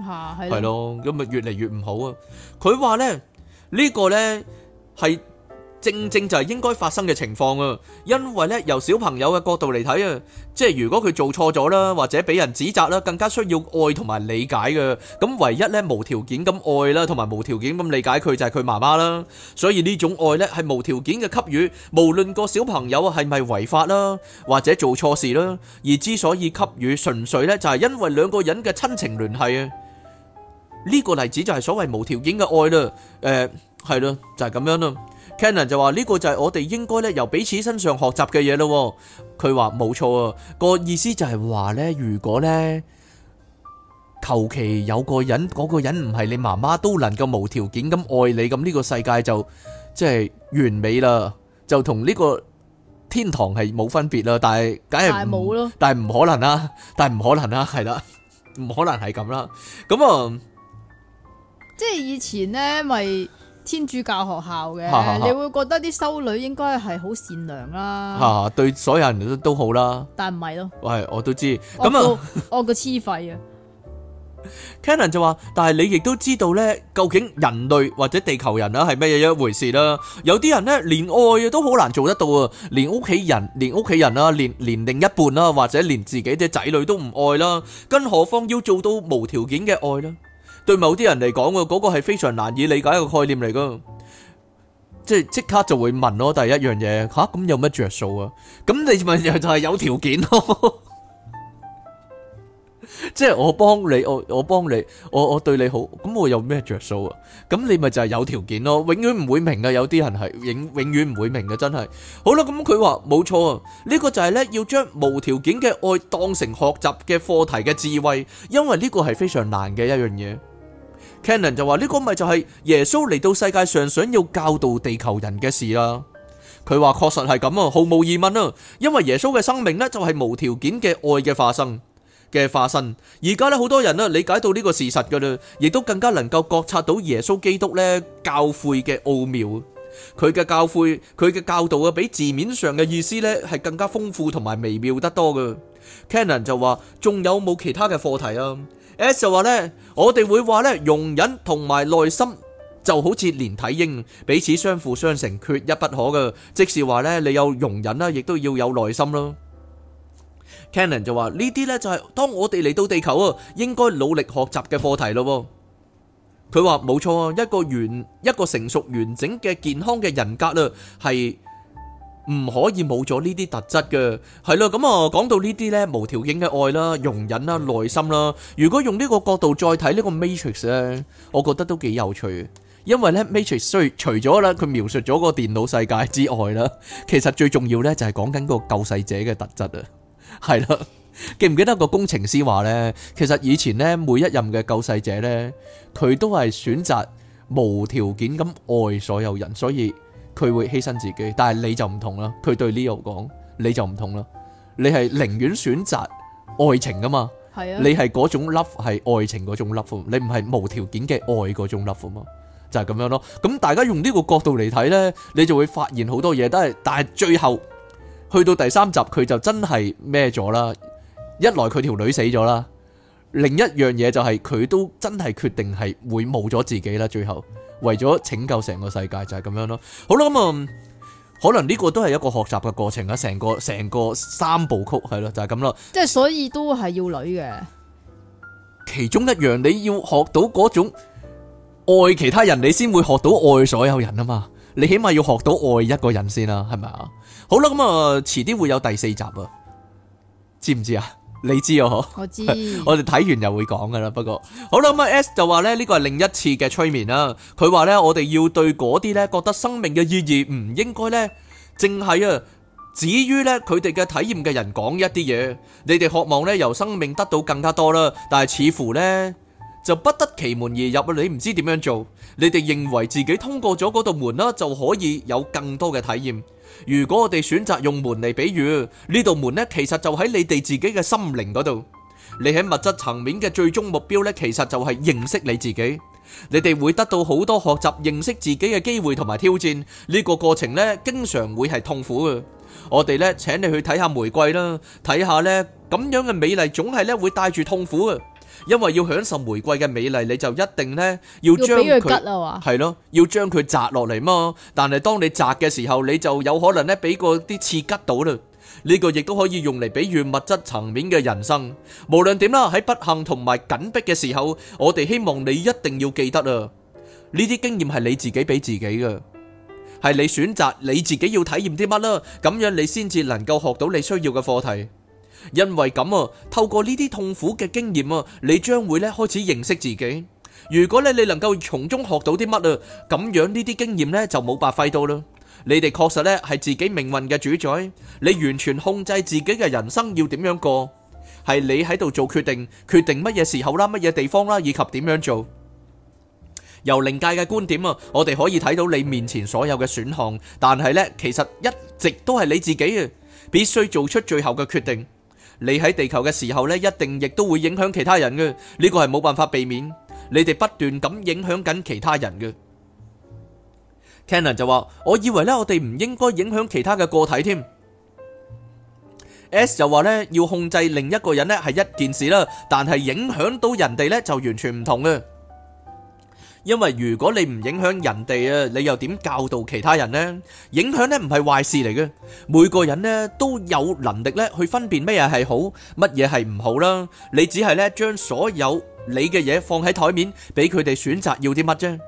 啊，係、啊、咯，咁咪越嚟越唔好啊！佢話咧呢、呢個咧係。正正就係應該發生嘅情況啊！因為呢由小朋友嘅角度嚟睇啊，即係如果佢做錯咗啦，或者俾人指責啦，更加需要愛同埋理解嘅。咁唯一呢無條件咁愛啦，同埋無條件咁理解佢就係佢媽媽啦。所以呢種愛呢係無條件嘅給予，無論個小朋友係咪違法啦，或者做錯事啦，而之所以給予純粹呢就係因為兩個人嘅親情聯繫啊！呢個例子就係所謂無條件嘅愛啦。誒，係咯，就係咁樣咯。Canon 就話呢個就係我哋應該咧由彼此身上學習嘅嘢咯。佢話冇錯啊，個意思就係話咧，如果咧求其有個人嗰個人唔係你媽媽都能夠無條件咁愛你，咁呢個世界就即係完美啦，就同呢個天堂係冇分別啦，但係梗係冇咯，但係唔可能啦，但係唔可能啦，係啦，唔可能係咁啦，咁啊，即係以前咧咪。天主教學校嘅，你會覺得啲修女應該係好善良啦，嚇對所有人都都好啦，但唔係咯，我係我都知，咁啊，我個黐肺啊，Cannon 就話，但係你亦都知道咧，究竟人類或者地球人啊，係咩嘢一回事啦？有啲人咧，連愛都好難做得到啊，連屋企人，連屋企人啦，連連另一半啦，或者連自己啲仔女都唔愛啦，更何況要做到無條件嘅愛咧？對某啲人嚟講，嗰個係非常難以理解嘅概念嚟噶，即係即刻就會問咯。第一樣嘢，吓，咁有乜着數啊？咁你咪就係有條件咯，即係我幫你，我我幫你，我我對你好，咁我有咩着數啊？咁你咪就係有條件咯，永遠唔會明啊。有啲人係永永遠唔會明嘅，真係。好啦，咁佢話冇錯啊，呢個就係呢要將無條件嘅愛當成學習嘅課題嘅智慧，因為呢個係非常難嘅一樣嘢。Canon 就話呢個咪就係耶穌嚟到世界上想要教導地球人嘅事啦。佢話確實係咁啊，毫無疑問啊，因為耶穌嘅生命呢，就係無條件嘅愛嘅化身嘅化身。而家呢，好多人呢，理解到呢個事實㗎喇，亦都更加能夠覺察到耶穌基督呢教誨嘅奧妙。佢嘅教誨，佢嘅教導啊，比字面上嘅意思呢，係更加豐富同埋微妙得多嘅。Canon 就話仲有冇其他嘅課題啊？S 就話呢，我哋會話呢，容忍同埋耐心就好似連體嬰，彼此相輔相成，缺一不可㗎，即使話呢，你有容忍，亦都要有耐心囉。Canon 就話，呢啲呢，就係當我哋嚟到地球，應該努力學習嘅課題囉。佢話，冇錯，一個完，一個成熟完整嘅健康嘅人格呢，係。唔可以冇咗呢啲特質嘅，係咯咁啊！講到呢啲咧，無條件嘅愛啦、容忍啦、耐心啦，如果用呢個角度再睇呢個 Matrix 咧，我覺得都幾有趣。因為咧 Matrix 雖除咗啦佢描述咗個電腦世界之外啦，其實最重要咧就係講緊個救世者嘅特質啊，係咯，記唔記得個工程師話咧？其實以前咧每一任嘅救世者咧，佢都係選擇無條件咁愛所有人，所以。佢會犧牲自己，但係你就唔同啦。佢對 Leo 講，你就唔同啦。你係寧願選擇愛情噶嘛？係啊，你係嗰種 love 係愛情嗰種 love，你唔係無條件嘅愛嗰種 love 啊嘛？就係咁樣咯。咁大家用呢個角度嚟睇呢，你就會發現好多嘢都係，但係最後去到第三集，佢就真係咩咗啦。一來佢條女死咗啦。另一樣嘢就係佢都真係決定係會冇咗自己啦，最後為咗拯救成個世界就係、是、咁樣咯。好啦，咁、嗯、啊，可能呢個都係一個學習嘅過程啊，成個成個三部曲係咯，就係咁咯。即係所以都係要女嘅，其中一樣你要學到嗰種愛其他人，你先會學到愛所有人啊嘛。你起碼要學到愛一個人先啦，係咪啊？好啦，咁、嗯、啊，遲啲會有第四集啊，知唔知啊？你知啊？我知。 我哋睇完又會講噶啦。不過好啦，咁阿 S 就話咧，呢個係另一次嘅催眠啦。佢話呢，我哋要對嗰啲呢覺得生命嘅意義唔應該呢，淨係啊，止於呢，佢哋嘅體驗嘅人講一啲嘢。你哋渴望呢由生命得到更加多啦，但係似乎呢，就不得其門而入。你唔知點樣做？你哋認為自己通過咗嗰道門啦，就可以有更多嘅體驗。如果我哋選擇用門嚟比喻，呢道門呢，其實就喺你哋自己嘅心靈嗰度。你喺物質層面嘅最終目標呢，其實就係認識你自己。你哋會得到好多學習認識自己嘅機會同埋挑戰。呢個過程呢，經常會係痛苦嘅。我哋呢，請你去睇下玫瑰啦，睇下呢咁樣嘅美麗，總係呢會帶住痛苦嘅。因為要享受玫瑰嘅美麗，你就一定呢，要將佢係咯，要將佢摘落嚟嘛。但係當你摘嘅時候，你就有可能呢俾嗰啲刺刉到啦。呢個亦都可以用嚟比喻物質層面嘅人生。無論點啦，喺不幸同埋緊迫嘅時候，我哋希望你一定要記得啊。呢啲經驗係你自己俾自己嘅，係你選擇你自己要體驗啲乜啦，咁樣你先至能夠學到你需要嘅課題。因為咁啊，透過呢啲痛苦嘅經驗啊，你將會咧開始認識自己。如果咧你能夠從中學到啲乜啊，咁樣呢啲經驗呢，就冇白費到啦。你哋確實呢係自己命運嘅主宰，你完全控制自己嘅人生要點樣過，係你喺度做決定，決定乜嘢時候啦，乜嘢地方啦，以及點樣做。由靈界嘅觀點啊，我哋可以睇到你面前所有嘅選項，但係呢，其實一直都係你自己啊，必須做出最後嘅決定。你喺地球嘅時候咧，一定亦都會影響其他人嘅，呢個係冇辦法避免。你哋不斷咁影響緊其他人嘅。Cannon 就話：我以為咧，我哋唔應該影響其他嘅個體添。S 就話咧，要控制另一個人咧係一件事啦，但係影響到人哋咧就完全唔同嘅。因為如果你唔影響人哋啊，你又點教導其他人呢？影響咧唔係壞事嚟嘅，每個人呢都有能力咧去分辨咩嘢係好，乜嘢係唔好啦。你只係咧將所有你嘅嘢放喺台面，俾佢哋選擇要啲乜啫。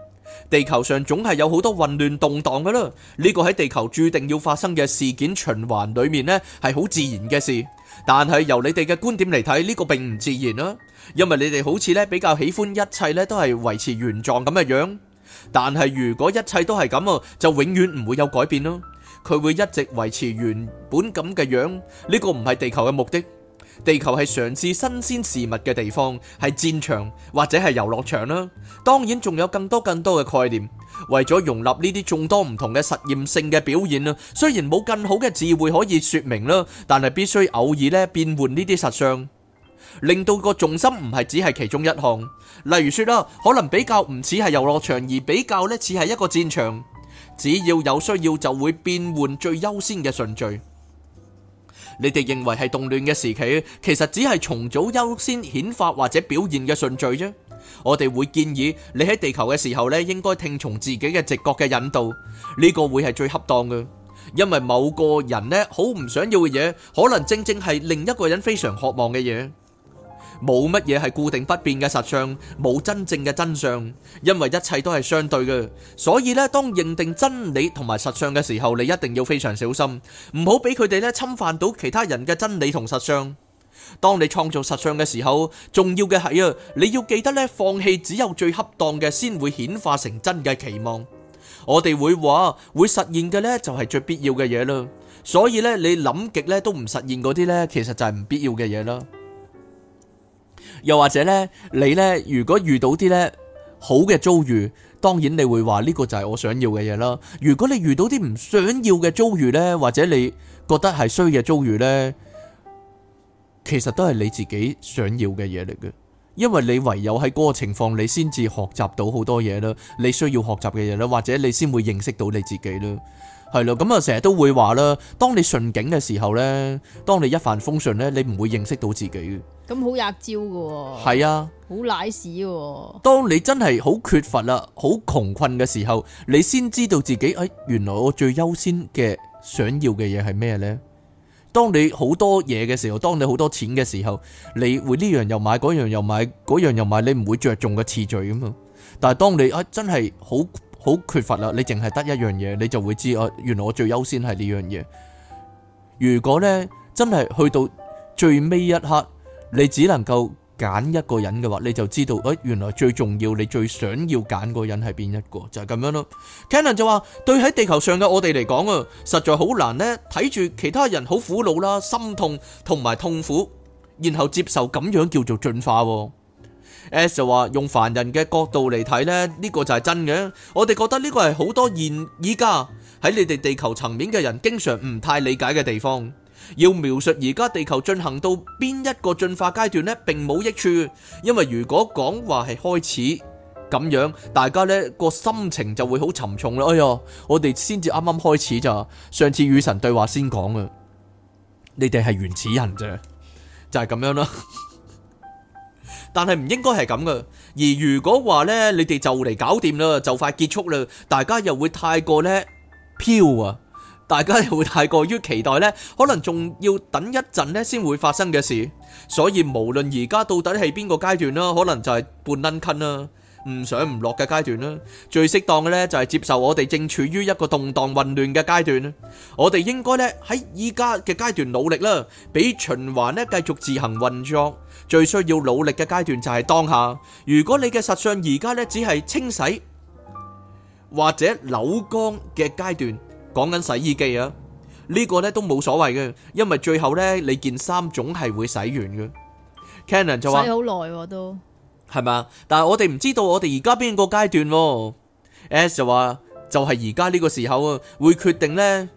地球上總係有好多混亂動盪噶啦，呢個喺地球注定要發生嘅事件循環裏面呢，係好自然嘅事。但係由你哋嘅觀點嚟睇，呢個並唔自然啦，因為你哋好似咧比較喜歡一切咧都係維持原狀咁嘅樣。但係如果一切都係咁啊，就永遠唔會有改變啦。佢會一直維持原本咁嘅樣，呢個唔係地球嘅目的。地球係嘗試新鮮事物嘅地方，係戰場或者係遊樂場啦。當然仲有更多更多嘅概念。為咗容納呢啲眾多唔同嘅實驗性嘅表現啦，雖然冇更好嘅智慧可以說明啦，但係必須偶爾咧變換呢啲實相，令到個重心唔係只係其中一項。例如說啦，可能比較唔似係遊樂場，而比較咧似係一個戰場。只要有需要，就會變換最優先嘅順序。你哋認為係動亂嘅時期，其實只係重組優先顯化或者表現嘅順序啫。我哋會建議你喺地球嘅時候咧，應該聽從自己嘅直覺嘅引導，呢個會係最恰當嘅。因為某個人咧好唔想要嘅嘢，可能正正係另一個人非常渴望嘅嘢。冇乜嘢係固定不變嘅實相，冇真正嘅真相，因為一切都係相對嘅。所以呢，當認定真理同埋實相嘅時候，你一定要非常小心，唔好俾佢哋咧侵犯到其他人嘅真理同實相。當你創造實相嘅時候，重要嘅係啊，你要記得咧，放棄只有最恰當嘅先會顯化成真嘅期望。我哋會話會實現嘅咧，就係最必要嘅嘢啦。所以咧，你諗極咧都唔實現嗰啲咧，其實就係唔必要嘅嘢啦。又或者咧，你咧如果遇到啲咧好嘅遭遇，當然你會話呢個就係我想要嘅嘢啦。如果你遇到啲唔想要嘅遭遇咧，或者你覺得係衰嘅遭遇咧，其實都係你自己想要嘅嘢嚟嘅，因為你唯有喺嗰個情況，你先至學習到好多嘢啦，你需要學習嘅嘢啦，或者你先會認識到你自己啦，係咯，咁啊，成日都會話啦，當你順境嘅時候咧，當你一帆風順咧，你唔會認識到自己嘅。咁好壓招嘅喎。係啊。好瀨屎喎。當你真係好缺乏啦，好窮困嘅時候，你先知道自己誒，原來我最優先嘅想要嘅嘢係咩咧？當你好多嘢嘅時候，當你好多錢嘅時候，你會呢樣又買，嗰樣又買，嗰樣又買，你唔會着重嘅次序啊嘛。但係當你啊真係好好缺乏啦，你淨係得一樣嘢，你就會知啊，原來我最優先係呢樣嘢。如果呢真係去到最尾一刻，你只能夠。揀一個人嘅話，你就知道，哎，原來最重要，你最想要揀個人係邊一個，就係咁樣咯。Canon 就話：對喺地球上嘅我哋嚟講啊，實在好難咧，睇住其他人好苦惱啦、心痛同埋痛苦，然後接受咁樣叫做進化。Ash 就話：用凡人嘅角度嚟睇咧，呢個就係真嘅。我哋覺得呢個係好多現依家喺你哋地球層面嘅人經常唔太理解嘅地方。要描述而家地球進行到邊一個進化階段呢，並冇益處，因為如果講話係開始咁樣，大家呢個心情就會好沉重咯。哎喲，我哋先至啱啱開始咋？上次與神對話先講啊，你哋係原始人咋，就係咁樣啦。 但係唔應該係咁噶，而如果話呢，你哋就嚟搞掂啦，就快結束啦，大家又會太過呢，飄啊！大家會太過於期待咧，可能仲要等一陣咧先會發生嘅事。所以無論而家到底係邊個階段啦，可能就係半撚坑啦，唔上唔落嘅階段啦。最適當嘅咧，就係接受我哋正處於一個動盪混亂嘅階段。我哋應該咧，喺依家嘅階段努力啦，俾循環咧繼續自行運作。最需要努力嘅階段就係當下。如果你嘅實相而家咧只係清洗或者扭乾嘅階段。講緊洗衣機啊！呢個呢都冇所謂嘅，因為最後呢，你件衫總係會洗完嘅。Canon 就話洗好耐喎都，係嘛？但係我哋唔知道我哋而家邊個階段喎？S 就話就係而家呢個時候啊，會決定呢。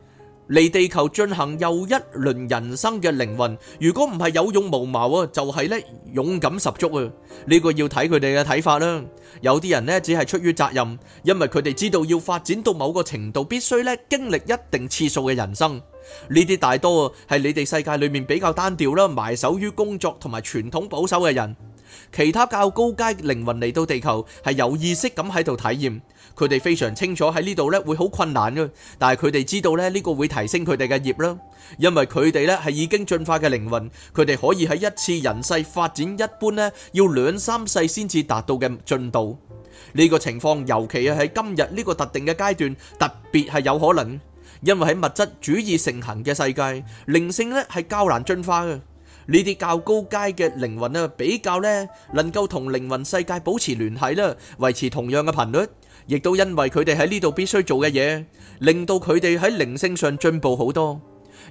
嚟地球進行又一輪人生嘅靈魂，如果唔係有勇無謀啊，就係咧勇敢十足啊！呢個要睇佢哋嘅睇法啦。有啲人咧只係出於責任，因為佢哋知道要發展到某個程度，必須咧經歷一定次數嘅人生。呢啲大多係你哋世界裏面比較單調啦，埋首於工作同埋傳統保守嘅人。其他較高階靈魂嚟到地球，係有意識咁喺度體驗。佢哋非常清楚喺呢度咧會好困難嘅，但係佢哋知道咧呢個會提升佢哋嘅業啦，因為佢哋咧係已經進化嘅靈魂，佢哋可以喺一次人世發展一般咧要兩三世先至達到嘅進度。呢個情況尤其係喺今日呢個特定嘅階段，特別係有可能，因為喺物質主義盛行嘅世界，靈性咧係較難進化嘅。呢啲較高階嘅靈魂啊，比較咧能夠同靈魂世界保持聯繫啦，維持同樣嘅頻率，亦都因為佢哋喺呢度必須做嘅嘢，令到佢哋喺靈性上進步好多。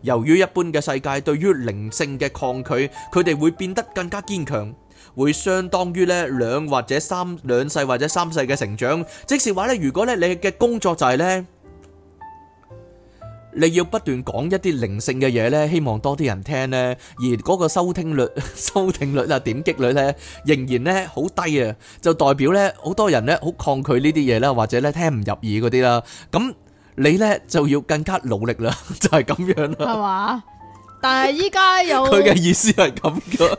由於一般嘅世界對於靈性嘅抗拒，佢哋會變得更加堅強，會相當於咧兩或者三兩世或者三世嘅成長。即是話咧，如果咧你嘅工作就係、是、呢。你要不斷講一啲靈性嘅嘢咧，希望多啲人聽咧，而嗰個收聽率、收聽率啊、點擊率咧，仍然咧好低啊，就代表咧好多人咧好抗拒呢啲嘢啦，或者咧聽唔入耳嗰啲啦，咁你咧就要更加努力啦，就係咁樣啦。係嘛？但係依家有，佢嘅意思係咁嘅，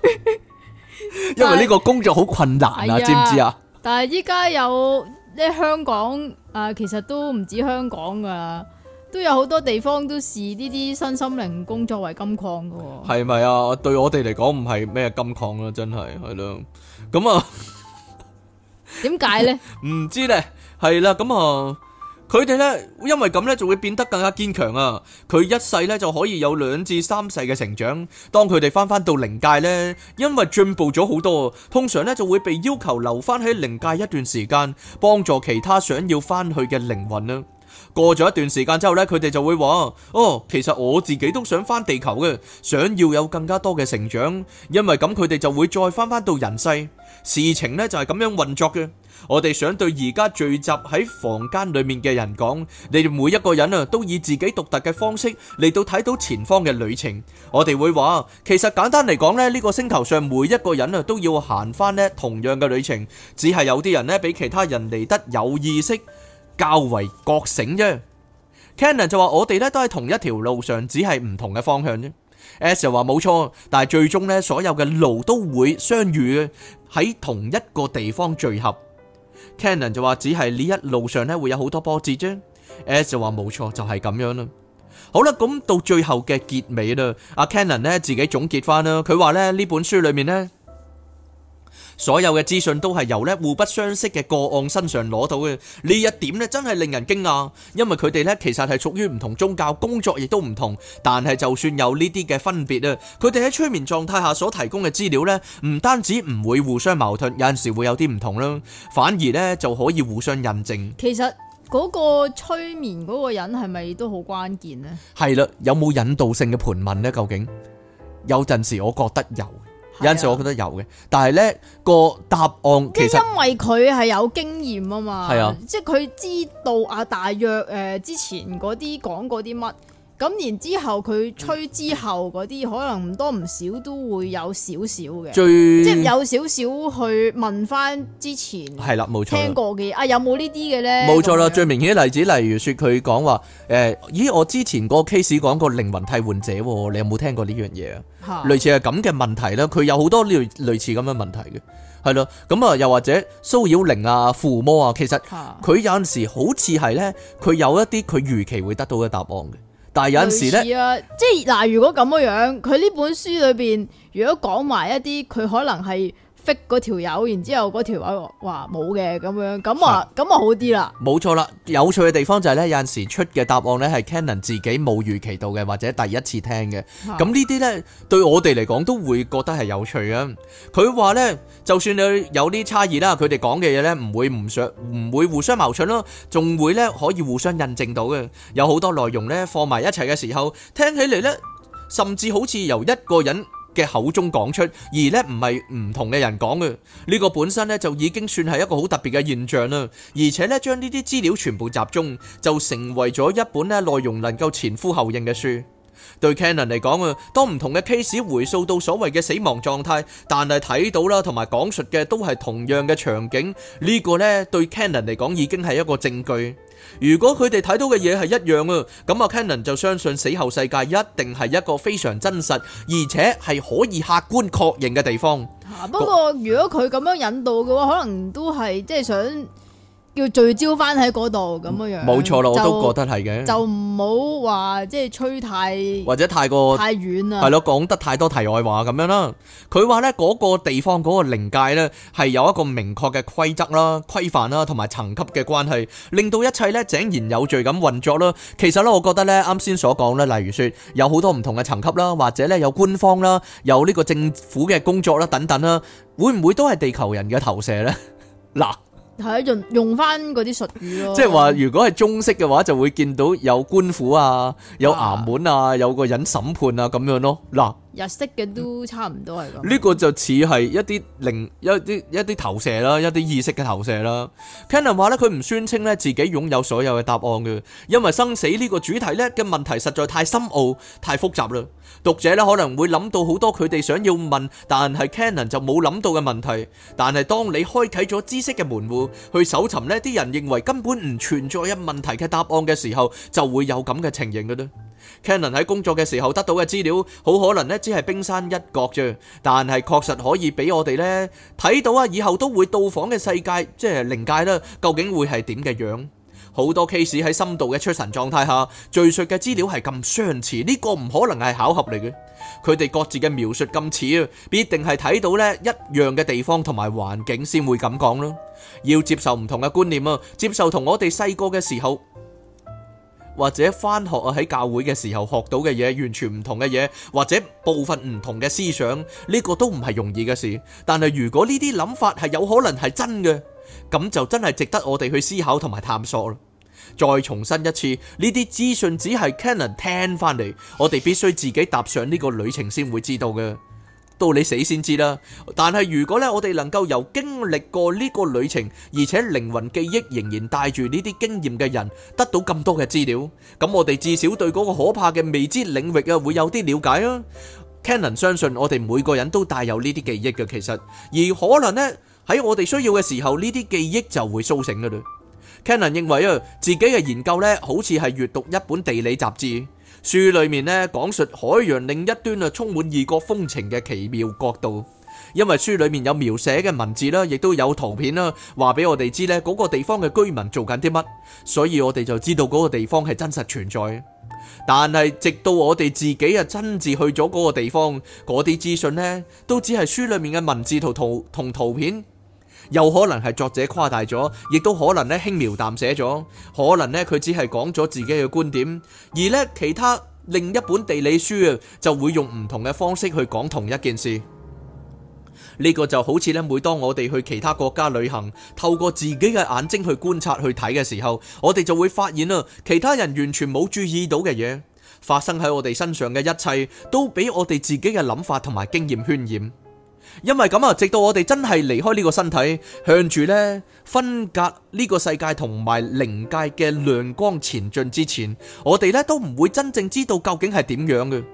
因為呢個工作好困難啊，知唔知啊？但係依家有，即係香港啊，其實都唔止香港噶。都有好多地方都視呢啲身心靈工作為金礦噶，係咪啊？對我哋嚟講唔係咩金礦啦，真係係咯。咁啊，點解咧？唔知咧，係啦。咁啊，佢哋咧，因為咁咧，就會變得更加堅強啊。佢一世咧就可以有兩至三世嘅成長。當佢哋翻返到靈界咧，因為進步咗好多，通常咧就會被要求留翻喺靈界一段時間，幫助其他想要翻去嘅靈魂啊。過咗一段時間之後呢，佢哋就會話：哦，其實我自己都想翻地球嘅，想要有更加多嘅成長。因為咁，佢哋就會再翻翻到人世。事情呢就係咁樣運作嘅。我哋想對而家聚集喺房間裏面嘅人講，你哋每一個人啊，都以自己獨特嘅方式嚟到睇到前方嘅旅程。我哋會話，其實簡單嚟講呢，呢個星球上每一個人啊，都要行翻呢同樣嘅旅程，只係有啲人呢比其他人嚟得有意識較為覺醒啫，Cannon 就話：我哋咧都喺同一條路上，只係唔同嘅方向啫。S 就話：冇錯，但係最終咧，所有嘅路都會相遇喺同一個地方聚合。Cannon 就話：只係呢一路上咧，會有好多波折啫。S 就話：冇錯，就係咁樣啦。好啦，咁到最後嘅結尾啦，阿 Cannon 咧自己總結返啦，佢話咧呢本書裏面咧。所有嘅資訊都係由咧互不相識嘅個案身上攞到嘅呢一點咧，真係令人驚訝。因為佢哋咧其實係屬於唔同宗教，工作亦都唔同。但係就算有呢啲嘅分別啊，佢哋喺催眠狀態下所提供嘅資料咧，唔單止唔會互相矛盾，有陣時會有啲唔同啦，反而咧就可以互相印證。其實嗰個催眠嗰個人係咪都好關鍵咧？係啦，有冇引導性嘅盤問咧？究竟有陣時我覺得有。有陣時我覺得有嘅，但係咧個答案其實因為佢係有經驗啊嘛，係啊，即係佢知道啊，大約誒之前嗰啲講過啲乜。咁然之後佢吹之後嗰啲可能唔多唔少都會有少少嘅，最即係有少少去問翻之前係啦，冇錯聽過嘅啊，有冇呢啲嘅咧？冇錯啦，最明顯嘅例子例如説佢講話誒，咦我之前個 case 講過靈魂替換者，你有冇聽過呢樣嘢啊？的類似係咁嘅問題啦，佢有好多類類似咁嘅問題嘅，係咯。咁啊，又或者騷擾靈啊、附魔啊，其實佢有陣時好似係咧，佢有一啲佢預期會得到嘅答案嘅。但有陣時咧、啊，即係嗱，如果咁嘅樣，佢呢本書裏邊，如果講埋一啲佢可能係。嗰條友，然之後嗰條友話冇嘅咁樣，咁啊咁啊好啲啦。冇錯啦，有趣嘅地方就係呢，有陣時出嘅答案呢係 Canon 自己冇預期到嘅，或者第一次聽嘅。咁呢啲呢，對我哋嚟講都會覺得係有趣啊。佢話呢，就算你有啲差異啦，佢哋講嘅嘢呢唔會唔相，唔會互相矛盾咯，仲會呢可以互相印證到嘅。有好多內容呢，放埋一齊嘅時候，聽起嚟呢，甚至好似由一個人。口中講出，而呢唔係唔同嘅人講嘅，呢個本身呢，就已經算係一個好特別嘅現象啦。而且呢，將呢啲資料全部集中，就成為咗一本呢內容能夠前呼後應嘅書。對 Cannon 嚟講啊，當唔同嘅 case 回溯到所謂嘅死亡狀態，但係睇到啦，同埋講述嘅都係同樣嘅場景，呢個咧對 Cannon 嚟講已經係一個證據。如果佢哋睇到嘅嘢係一樣啊，咁啊 Cannon 就相信死後世界一定係一個非常真實，而且係可以客觀確認嘅地方。不過、啊、如果佢咁樣引導嘅話，可能都係即係想。叫聚焦翻喺嗰度咁樣樣，冇錯啦，就我都覺得係嘅，就唔好話即係吹太或者太過太遠啦，係咯，講得太多題外話咁樣啦。佢話呢嗰個地方嗰個靈界呢，係有一個明確嘅規則啦、規範啦，同埋層級嘅關係，令到一切呢井然有序，咁運作啦。其實呢，我覺得呢啱先所講呢，例如說有好多唔同嘅層級啦，或者呢有官方啦，有呢個政府嘅工作啦等等啦，會唔會都係地球人嘅投射呢？嗱。 睇用用翻嗰啲術語咯、啊，即係話如果係中式嘅話，就會見到有官府啊，有衙門啊，有個人審判啊咁樣咯，嗱。日式嘅都差唔多係咁，呢個就似係一啲靈、一啲一啲投射啦，一啲意識嘅投射啦。Cannon 話咧，佢唔宣稱咧自己擁有所有嘅答案嘅，因為生死呢個主題咧嘅問題實在太深奧、太複雜啦。讀者咧可能會諗到好多佢哋想要問，但係 Cannon 就冇諗到嘅問題。但係當你開啟咗知識嘅門戶去搜尋咧，啲人認為根本唔存在一問題嘅答案嘅時候，就會有咁嘅情形嘅咧。Canon 喺工作嘅時候得到嘅資料，好可能咧只係冰山一角啫。但係確實可以俾我哋呢睇到啊，以後都會到訪嘅世界，即係靈界啦，究竟會係點嘅樣？好多 case 喺深度嘅出神狀態下，敘述嘅資料係咁相似，呢個唔可能係巧合嚟嘅。佢哋各自嘅描述咁似啊，必定係睇到呢一樣嘅地方同埋環境先會咁講咯。要接受唔同嘅觀念啊，接受同我哋細個嘅時候。或者翻學啊，喺教會嘅時候學到嘅嘢，完全唔同嘅嘢，或者部分唔同嘅思想，呢個都唔係容易嘅事。但係如果呢啲諗法係有可能係真嘅，咁就真係值得我哋去思考同埋探索啦。再重申一次，呢啲資訊只係 Canon 聽翻嚟，我哋必須自己踏上呢個旅程先會知道嘅。到你死先知啦！但係如果咧，我哋能夠由經歷過呢個旅程，而且靈魂記憶仍然帶住呢啲經驗嘅人，得到咁多嘅資料，咁我哋至少對嗰個可怕嘅未知領域啊，會有啲了解啊。Cannon 相信我哋每個人都帶有呢啲記憶嘅，其實而可能咧喺我哋需要嘅時候，呢啲記憶就會甦醒㗎喇。Cannon 認為啊，自己嘅研究咧，好似係閱讀一本地理雜誌。書裏面咧講述海洋另一端啊充滿異國風情嘅奇妙角度，因為書裏面有描寫嘅文字啦，亦都有圖片啦，話俾我哋知咧嗰個地方嘅居民做緊啲乜，所以我哋就知道嗰個地方係真實存在。但係直到我哋自己啊親自去咗嗰個地方，嗰啲資訊咧都只係書裏面嘅文字同圖同圖片。有可能係作者誇大咗，亦都可能咧輕描淡寫咗，可能咧佢只係講咗自己嘅觀點，而咧其他另一本地理書啊就會用唔同嘅方式去講同一件事。呢個就好似咧，每當我哋去其他國家旅行，透過自己嘅眼睛去觀察去睇嘅時候，我哋就會發現啊其他人完全冇注意到嘅嘢，發生喺我哋身上嘅一切，都俾我哋自己嘅諗法同埋經驗渲染。因為咁啊，直到我哋真係離開呢個身體，向住呢分隔呢個世界同埋靈界嘅亮光前進之前，我哋呢都唔會真正知道究竟係點樣嘅。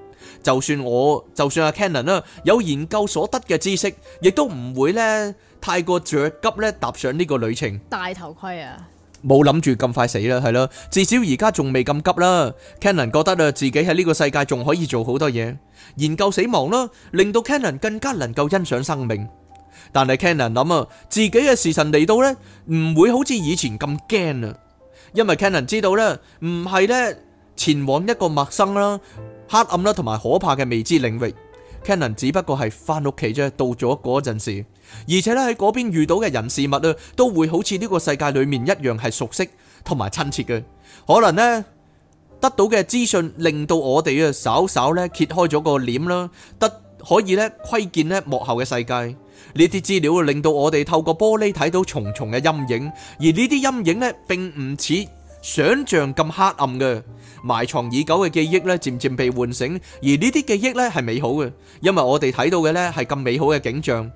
就算我，就算阿 Cannon 啦，有研究所得嘅知識，亦都唔會呢太過着急呢踏上呢個旅程。大頭盔啊！冇諗住咁快死啦，係咯，至少而家仲未咁急啦。Cannon 覺得啊，自己喺呢個世界仲可以做好多嘢，研究死亡啦，令到 Cannon 更加能夠欣賞生命。但係 Cannon 諗啊，自己嘅時辰嚟到呢，唔會好似以前咁驚啊，因為 Cannon 知道呢，唔係呢，前往一個陌生啦、黑暗啦同埋可怕嘅未知領域。Cannon 只不過係翻屋企啫，到咗嗰陣時。而且咧，喺嗰邊遇到嘅人事物咧，都會好似呢個世界裏面一樣係熟悉同埋親切嘅。可能咧得到嘅資訊，令到我哋咧稍稍咧揭開咗個簾啦，得可以咧窺見咧幕後嘅世界。呢啲資料令到我哋透過玻璃睇到重重嘅陰影，而呢啲陰影咧並唔似想象咁黑暗嘅。埋藏已久嘅記憶咧，漸漸被喚醒，而呢啲記憶咧係美好嘅，因為我哋睇到嘅咧係咁美好嘅景象。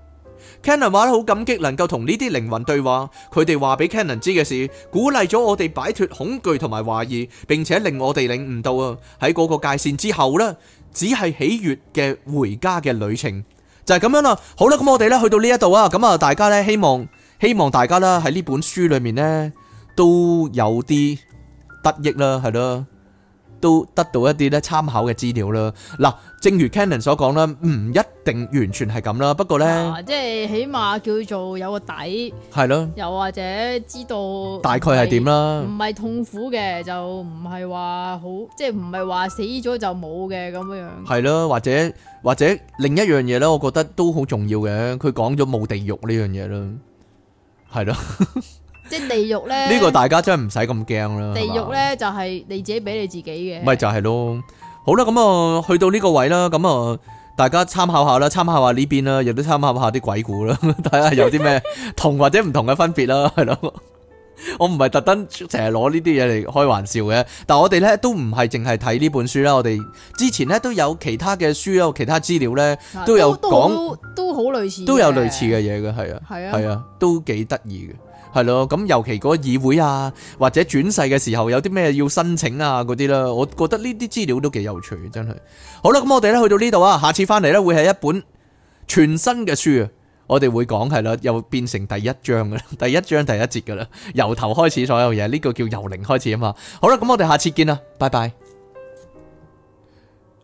Cannon 話呢好感激能夠同呢啲靈魂對話，佢哋話俾 Cannon 知嘅事，鼓勵咗我哋擺脫恐懼同埋懷疑，並且令我哋領悟到啊，喺嗰個界線之後呢只係喜悅嘅回家嘅旅程，就係咁樣啦。好啦，咁我哋呢去到呢一度啊，咁啊，大家呢，希望希望大家啦喺呢本書裏面呢，都有啲得益啦，係咯。都得到一啲咧參考嘅資料啦。嗱，正如 Cannon 所講啦，唔一定完全係咁啦。不過呢，啊、即係起碼叫做有個底，係咯的，又或者知道大概係點啦。唔係痛苦嘅，就唔係話好，即係唔係話死咗就冇嘅咁樣。係咯，或者或者另一樣嘢呢，我覺得都好重要嘅。佢講咗冇地獄呢樣嘢咯，係咯。 即係地獄咧？呢個大家真係唔使咁驚啦。地獄咧吧就係你自己俾你自己嘅。咪就係咯。好啦，咁、嗯、啊去到呢個位啦，咁、嗯、啊大家參考下啦，參考下呢邊啦，亦都參考下啲鬼故啦，睇 下有啲咩 同或者唔同嘅分別啦，係咯。我唔係特登成日攞呢啲嘢嚟開玩笑嘅，但係我哋咧都唔係淨係睇呢本書啦，我哋之前咧都有其他嘅書啊，其他資料咧都有講，都好類似，都有類似嘅嘢嘅，係啊，係是啊，啊，都幾得意嘅。係咯，咁尤其嗰個議會啊，或者轉世嘅時候有啲咩要申請啊，嗰啲啦，我覺得呢啲資料都幾有趣，真係。好啦，咁我哋咧去到呢度啊，下次翻嚟咧會係一本全新嘅書啊，我哋會講係啦，又變成第一章噶啦，第一章第一節噶啦，由頭開始所有嘢，呢個叫由零開始啊嘛。好啦，咁我哋下次見啦，拜拜。